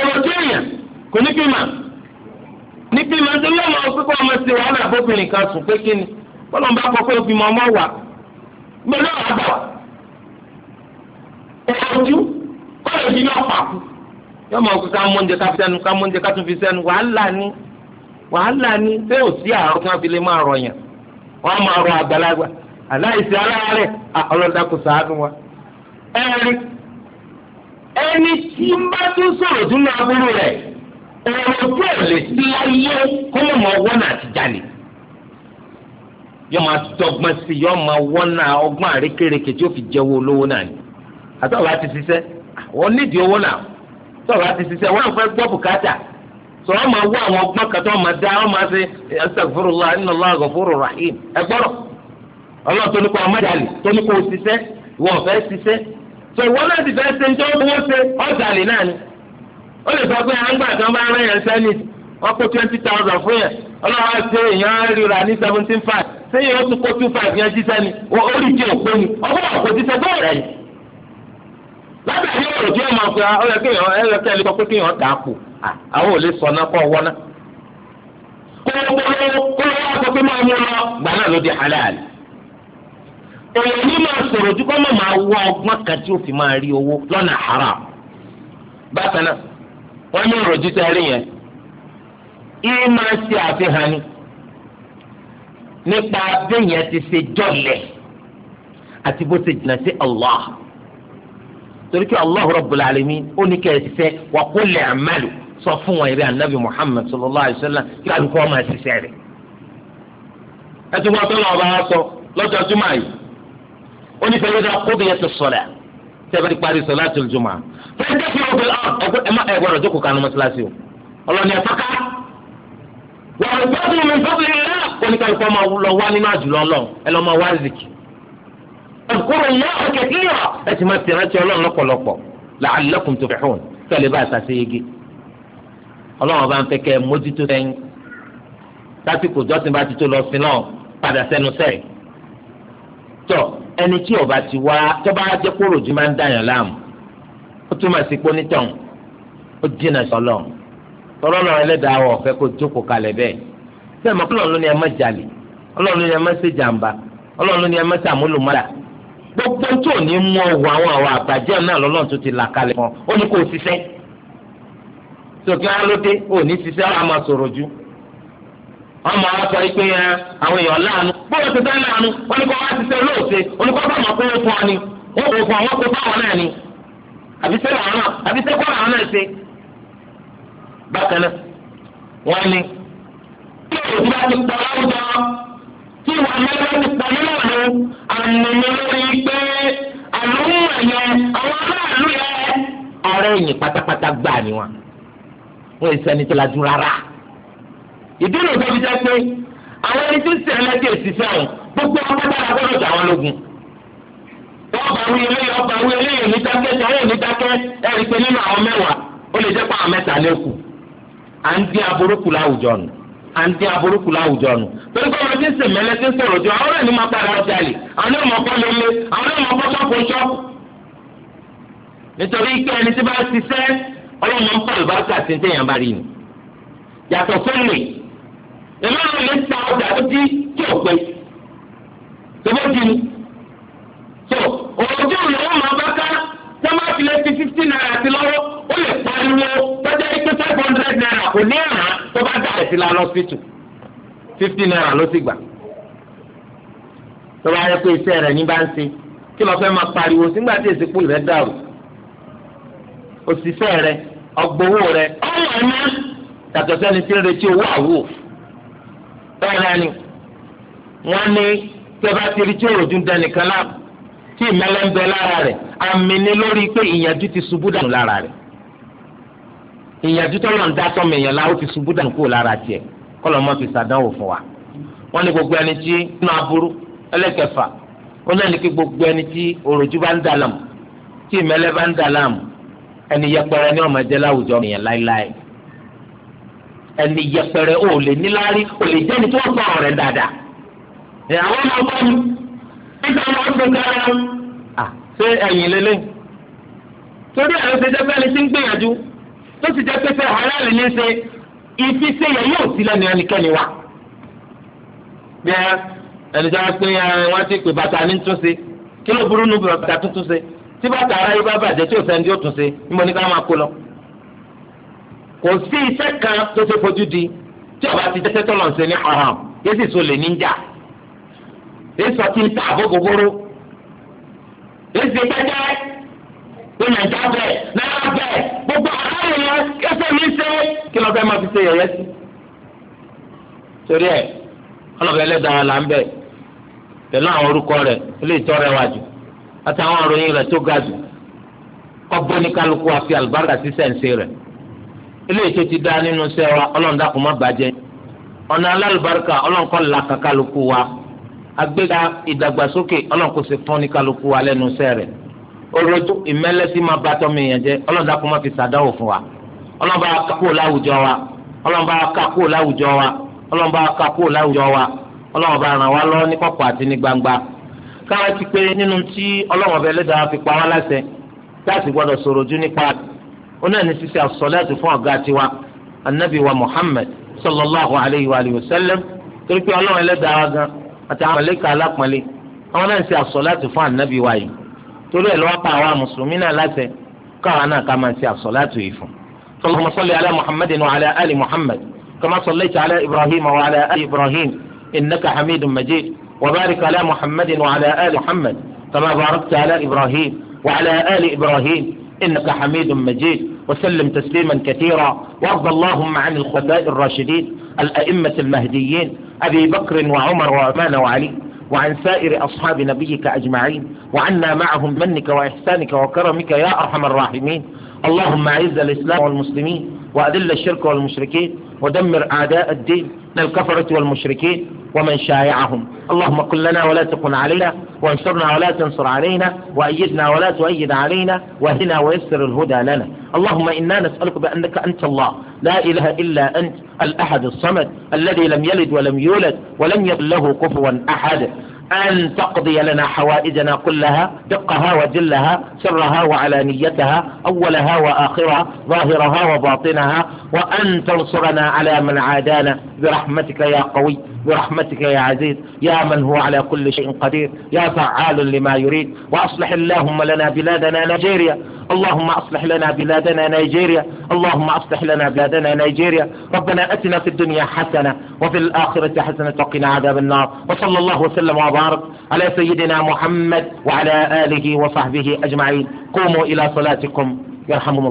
ọ̀rọ̀ tí èèyàn kụ ní bímọ tó lọ́mọ pípọ́ ọmọ sí wàhálà kan sùn pé ni ń bá kọ́ pé ọmọ wà gbọ́dọ̀ wà bọ̀ ojú kọ́lẹ̀ bí yọ pàkú yọmọ òkú ká mú ká fi sẹ́nu ká mú ká tún fi sẹ́nu wàhálà ni wàhálà ni pé ò sí àárọ̀ kí wọ́n fi lè máa rọ̀ yàn wọ́n máa àgbàlagbà aláìsí aláàárẹ̀ ọlọ́dàkù sàánú ẹ̀rọ tí ò lè sí ayé kó mọ̀ mọ́ wọ́nà àtijáde yọ máa dọ́gbọ́n sí yọ máa wọ́nà ọgbọ́n àrékèrèké tí ó fi jẹ́wọ́ olówó náà ni àtọ́wọ́ àti ṣiṣẹ́ wọ́n nídìí owó náà tọ́wọ́ àti ṣiṣẹ́ wọ́n fẹ́ gbọ́ bùkátà sọ wọ́n máa wọ àwọn ọgbọ́n kan tó máa dá wọ́n máa ṣe inna Allah rahim ó lè sọ pé à ń gbà tí wọ́n bá 20,000 yẹn sẹ́ni wọ́n kó twenty thousand fún yẹn ọlọ́wọ́ èèyàn rírà ní seventeen five ni ti rẹ̀ yìí. lábẹ́ tí máa fi ọ yẹ kí èèyàn ẹ yẹ kí ẹ lè sọ pé kí èèyàn dà á kù àwọn ò lè sọ náà kọ́ wọ́n náà. kọ́ wọ́n ní ìròjú tẹ́ rí yẹn ìyí máa ṣe àfihàn ni nípa béèyàn ti ṣe jọ̀lẹ̀ àti bó ṣe jìnnà sí Allah torí kí Allah Rabbul Alamin ó ní kẹ́ ẹ ṣiṣẹ́ wa qul i'malu sọ fún wọn eré anabi Muhammad sallallahu alayhi wa sallam kí alùpùpù wọn máa ṣiṣẹ́ rẹ̀ ẹ tó lọ́wọ́ bá sọ lọ́jọ́ jùmọ̀ yìí ó ní fẹ́ẹ́ lọ́jọ́ kó bìyẹn ti sọ̀rọ̀ tẹ́lẹ̀ ti parí solatul juma fẹ́ẹ́ fi ọ̀bẹ ẹ gbọ́dọ̀ jókòó kanú mọ́ṣáláṣí o ọlọ́ni ẹ̀fọ́ká wọ́n gbọ́dọ̀ mi fọ́bìrì náà oníkàlùkọ́ máa lọ wá nínú àjùlọ lọ ẹ lọ́ máa wá zikì ẹ̀kúrò náà ọ̀kẹ́ kí yọ ẹ ti máa tẹ̀rántí ọlọ́run lọ́pọ̀lọpọ̀ la'allakum tuflihun kẹ́lẹ́ bá àtàṣe yege ọlọ́run bá ń fẹ́ kẹ́ mójútó sẹ́yìn lásìkò jọ́sìn bá ti tó lọ sí náà padà sẹ́nu sẹ́yìn ẹni tí ọba ti wá tọ́ba jẹ́ kóró ju máa ń dàyàn láàmú ó túmọ̀ sí pọ́nítàn ó jìnnà sọlọ tọ́lọ́ náà ẹlẹ́dàá wọ̀ fẹ́ kó jókòó kalẹ̀ bẹ́ẹ̀ bẹ́ẹ̀ mọ́ ọlọ́run ló ní ẹ má jalè ọlọ́run ló ní ẹ má ṣe jàǹbá ọlọ́run ló ní ẹ má ṣàmúlùmọ́là gbogbo tó ní mú ọwọ́ àwọn àwọn àbàjẹ́ náà lọ́lọ́run tó ti là kalẹ̀ fún ọ ó ní kó o ṣiṣẹ́ sókè alóde ò ní ṣiṣẹ́ àwọn àmọ́ sọ̀rọ̀ ju wọn máa wá sọ pé àwọn èèyàn láàánú bóyá ti dá láàánú wọn ni kò wá ti ṣe olóòṣè olùkọ́ bá mọ̀ pé ó fún ọ ni ó kò fún àwọn kó bá wọn náà ni àbíṣe làwọn náà àbíṣe kọ́ làwọn náà ṣe. bákan náà wọn ni tí òṣìṣẹ́ bá ti pọ̀ láwùjọ tí wọn mẹ́lẹ́ ti pọ̀ nínú àmì lórí pé àlùmọ̀ yẹn àwọn aráàlú yẹn ọ̀rẹ́ yìí pátápátá gbà ni wọn wọn èsì ẹni tó lajú rárá ìdílé tó fi jẹ́ pé àwọn ẹni tí ń sẹ ẹlẹ́dẹ̀ ìsísẹ́ ọ̀hún gbogbo ọmọ dára gbọ́dọ̀ jà wọn lógun. wọ́n bá wí eléyìí ọba wí eléyìí ní dákẹ́ tí àwọn ò ní dákẹ́ ẹ̀rí pé nínú àwọn mẹ́wàá ó lè jẹ́ pé àwọn mẹ́ta lé kù. à ń dín aburúkú láwùjọ nù à ń dín aburúkú láwùjọ nù. torí pé ọmọ tí ń sè mẹ́lẹ́ tí ń sọ̀rọ̀ jù àwọn ẹni máa padà ọjà lè àwọn ẹni máa kọ́ lélẹ̀ ìmọ̀ àwọn ilé ń ta ọjà tó ti tí ò pé tòbó ti ni. tó òun tí òun lọ́wọ́ máa bá ká sọ́mọ́ ti fifty naira sí lọ́wọ́ ó lè pariwo tọ́jà ikú five hundred naira kò ní àná tó bá dà ẹ̀sìn lánàá síìtù fifty naira ló ti gbà. tó bá yẹ pé iṣẹ́ rẹ̀ ní bá ń ṣe kí lọ́ọ́ fẹ́ máa pariwo sígbà tí èsì púlù rẹ̀ dàrú òṣìṣẹ́ rẹ̀ ọgbowó rẹ̀ ọ̀rọ̀ ẹ̀ náà yàtọ̀ sẹ́ni tí ń retí owó àwò bẹ́ẹ̀ náà ni wọ́n ní tẹ́bá ti rí tí òròjú ń dẹni kan láàbù tí ìmẹ́lẹ́ ń bẹ lára rẹ̀ àmì ni lórí pé ìyànjú ti ṣubú dànù lára rẹ̀ ìyànjú tó lọ́n dá sọ́mọ èèyàn láwọn ti ṣubú dànù kúrò lára tiẹ̀ kọ́ lọ́mọ fi ṣàdánwò fún wa wọ́n ní gbogbo ẹni tí nínú aburú ẹlẹ́kẹfà ó náà ní kí gbogbo ẹni tí òròjú bá ń dà láàmú tí ìmẹ́lẹ́ bá ń dà láàmú ẹni yẹpẹrẹ ní ọmọ láwùjọ èèyàn láéláé ẹni yẹpẹrẹ ò lè níláárí ò lè jẹ́ni tó sọ̀rọ̀ rẹ̀ dáadáa. ìyàwó máa bọ́ mi nígbà máa ń gbẹ̀gà rẹ̀ à ṣé ẹ̀yìn lélẹ̀. torí àwọn ṣe jẹ́ fẹ́ni tí ń gbìyànjú tó sì jẹ́ pé fẹ́ aráàlú ní ṣe ifi ṣe yẹ yóò sí lẹ́nu ẹnikẹ́ni wa. bí ẹni tí wọ́n pé wọ́n ti pè bàtà ní túnṣe kí ló burú nù bàtà tuntun ṣe tí bàtà aráyé bá bàjẹ́ tí ò kò sí iṣẹ́ kan tó ṣe fojú di tí ọba ti jẹ́ sẹ́tọ̀ lọ́nṣẹ́ ní haram yé sì so lè níjà yé sọ ti ń ta àbógógóró yé sì gbẹ́jẹ́ pé nàìjà bẹ̀ náírà bẹ̀ gbogbo àárẹ̀ yẹn kẹsẹ̀ mi ṣe kí lọ́fẹ́ máa fi ṣe yẹ̀yẹ́ sí. torí ẹ ọlọ́fẹ́ ẹlẹ́dàá là ń bẹ̀ pẹ̀lú àwọn orúkọ rẹ̀ ilé ìtọ́ rẹ̀ wájú àtàwọn òròyìn rẹ̀ tó ga jù kọ́ bóníkálukú àfi àlùbárà sí sẹ́ǹsì rẹ̀. eléyìí ti da nínú iṣẹ́ wa ọlọ́run dákun má bàjẹ́ ọ̀nà alálùbáríkà la wa agbéga ìdàgbàsókè ọlọ́run kò sì fún ní wa lẹnu iṣẹ́ rẹ̀ orojú ìmẹ́lẹ́sí má bàtọ tọ́mọ èèyàn jẹ́ ọlọ́run dákun má fi sàdáwò fún wa bá wa bá wa bá wá ní àti ní gbangba káwá ti pé nínú tí onáà ní sísè àsọlẹ́tì fún ọ̀gá tiwa anabi wa muhammed sallallahu alayhi wa sallam torí pé ọlọ́run ẹlẹ́dàá wa gan àti àwọn màláíkà alápọ̀nlé àwọn náà ń ṣe àsọlẹ́tì fún anabi wa yìí torí ẹ̀ lọ́wọ́ pa àwa mùsùlùmí náà láṣẹ káwa náà ká máa ṣe àsọlẹ́tì yìí fún. اللهم صل على محمد وعلى آل محمد كما صليت على إبراهيم وعلى آل إبراهيم إنك حميد مجيد وبارك على محمد وعلى آل محمد كما باركت على إبراهيم وعلى آل إبراهيم إنك حميد مجيد وسلم تسليما كثيرا وارض اللهم عن الخلفاء الراشدين الأئمة المهديين أبي بكر وعمر وعثمان وعلي وعن سائر أصحاب نبيك أجمعين وعنا معهم منك وإحسانك وكرمك يا أرحم الراحمين اللهم أعز الإسلام والمسلمين وأذل الشرك والمشركين ودمر أعداء الدين من الكفرة والمشركين ومن شايعهم اللهم كن لنا ولا تكن علينا وانصرنا ولا تنصر علينا وأيدنا ولا تؤيد علينا واهدنا ويسر الهدى لنا اللهم إنا نسألك بأنك أنت الله لا إله إلا أنت الأحد الصمد الذي لم يلد ولم يولد ولم يكن له كفوا أحد أن تقضي لنا حوائجنا كلها دقها وجلها سرها وعلانيتها أولها وآخرها ظاهرها وباطنها وأن تنصرنا على من عادانا برحمتك يا قوي برحمتك يا عزيز يا من هو على كل شيء قدير يا فعال لما يريد وأصلح اللهم لنا بلادنا نيجيريا اللهم أصلح لنا بلادنا نيجيريا اللهم أصلح لنا بلادنا نيجيريا ربنا أتنا في الدنيا حسنة وفي الآخرة حسنة وقنا عذاب النار وصلى الله وسلم وبارك على سيدنا محمد وعلى آله وصحبه أجمعين قوموا إلى صلاتكم يرحمهم الله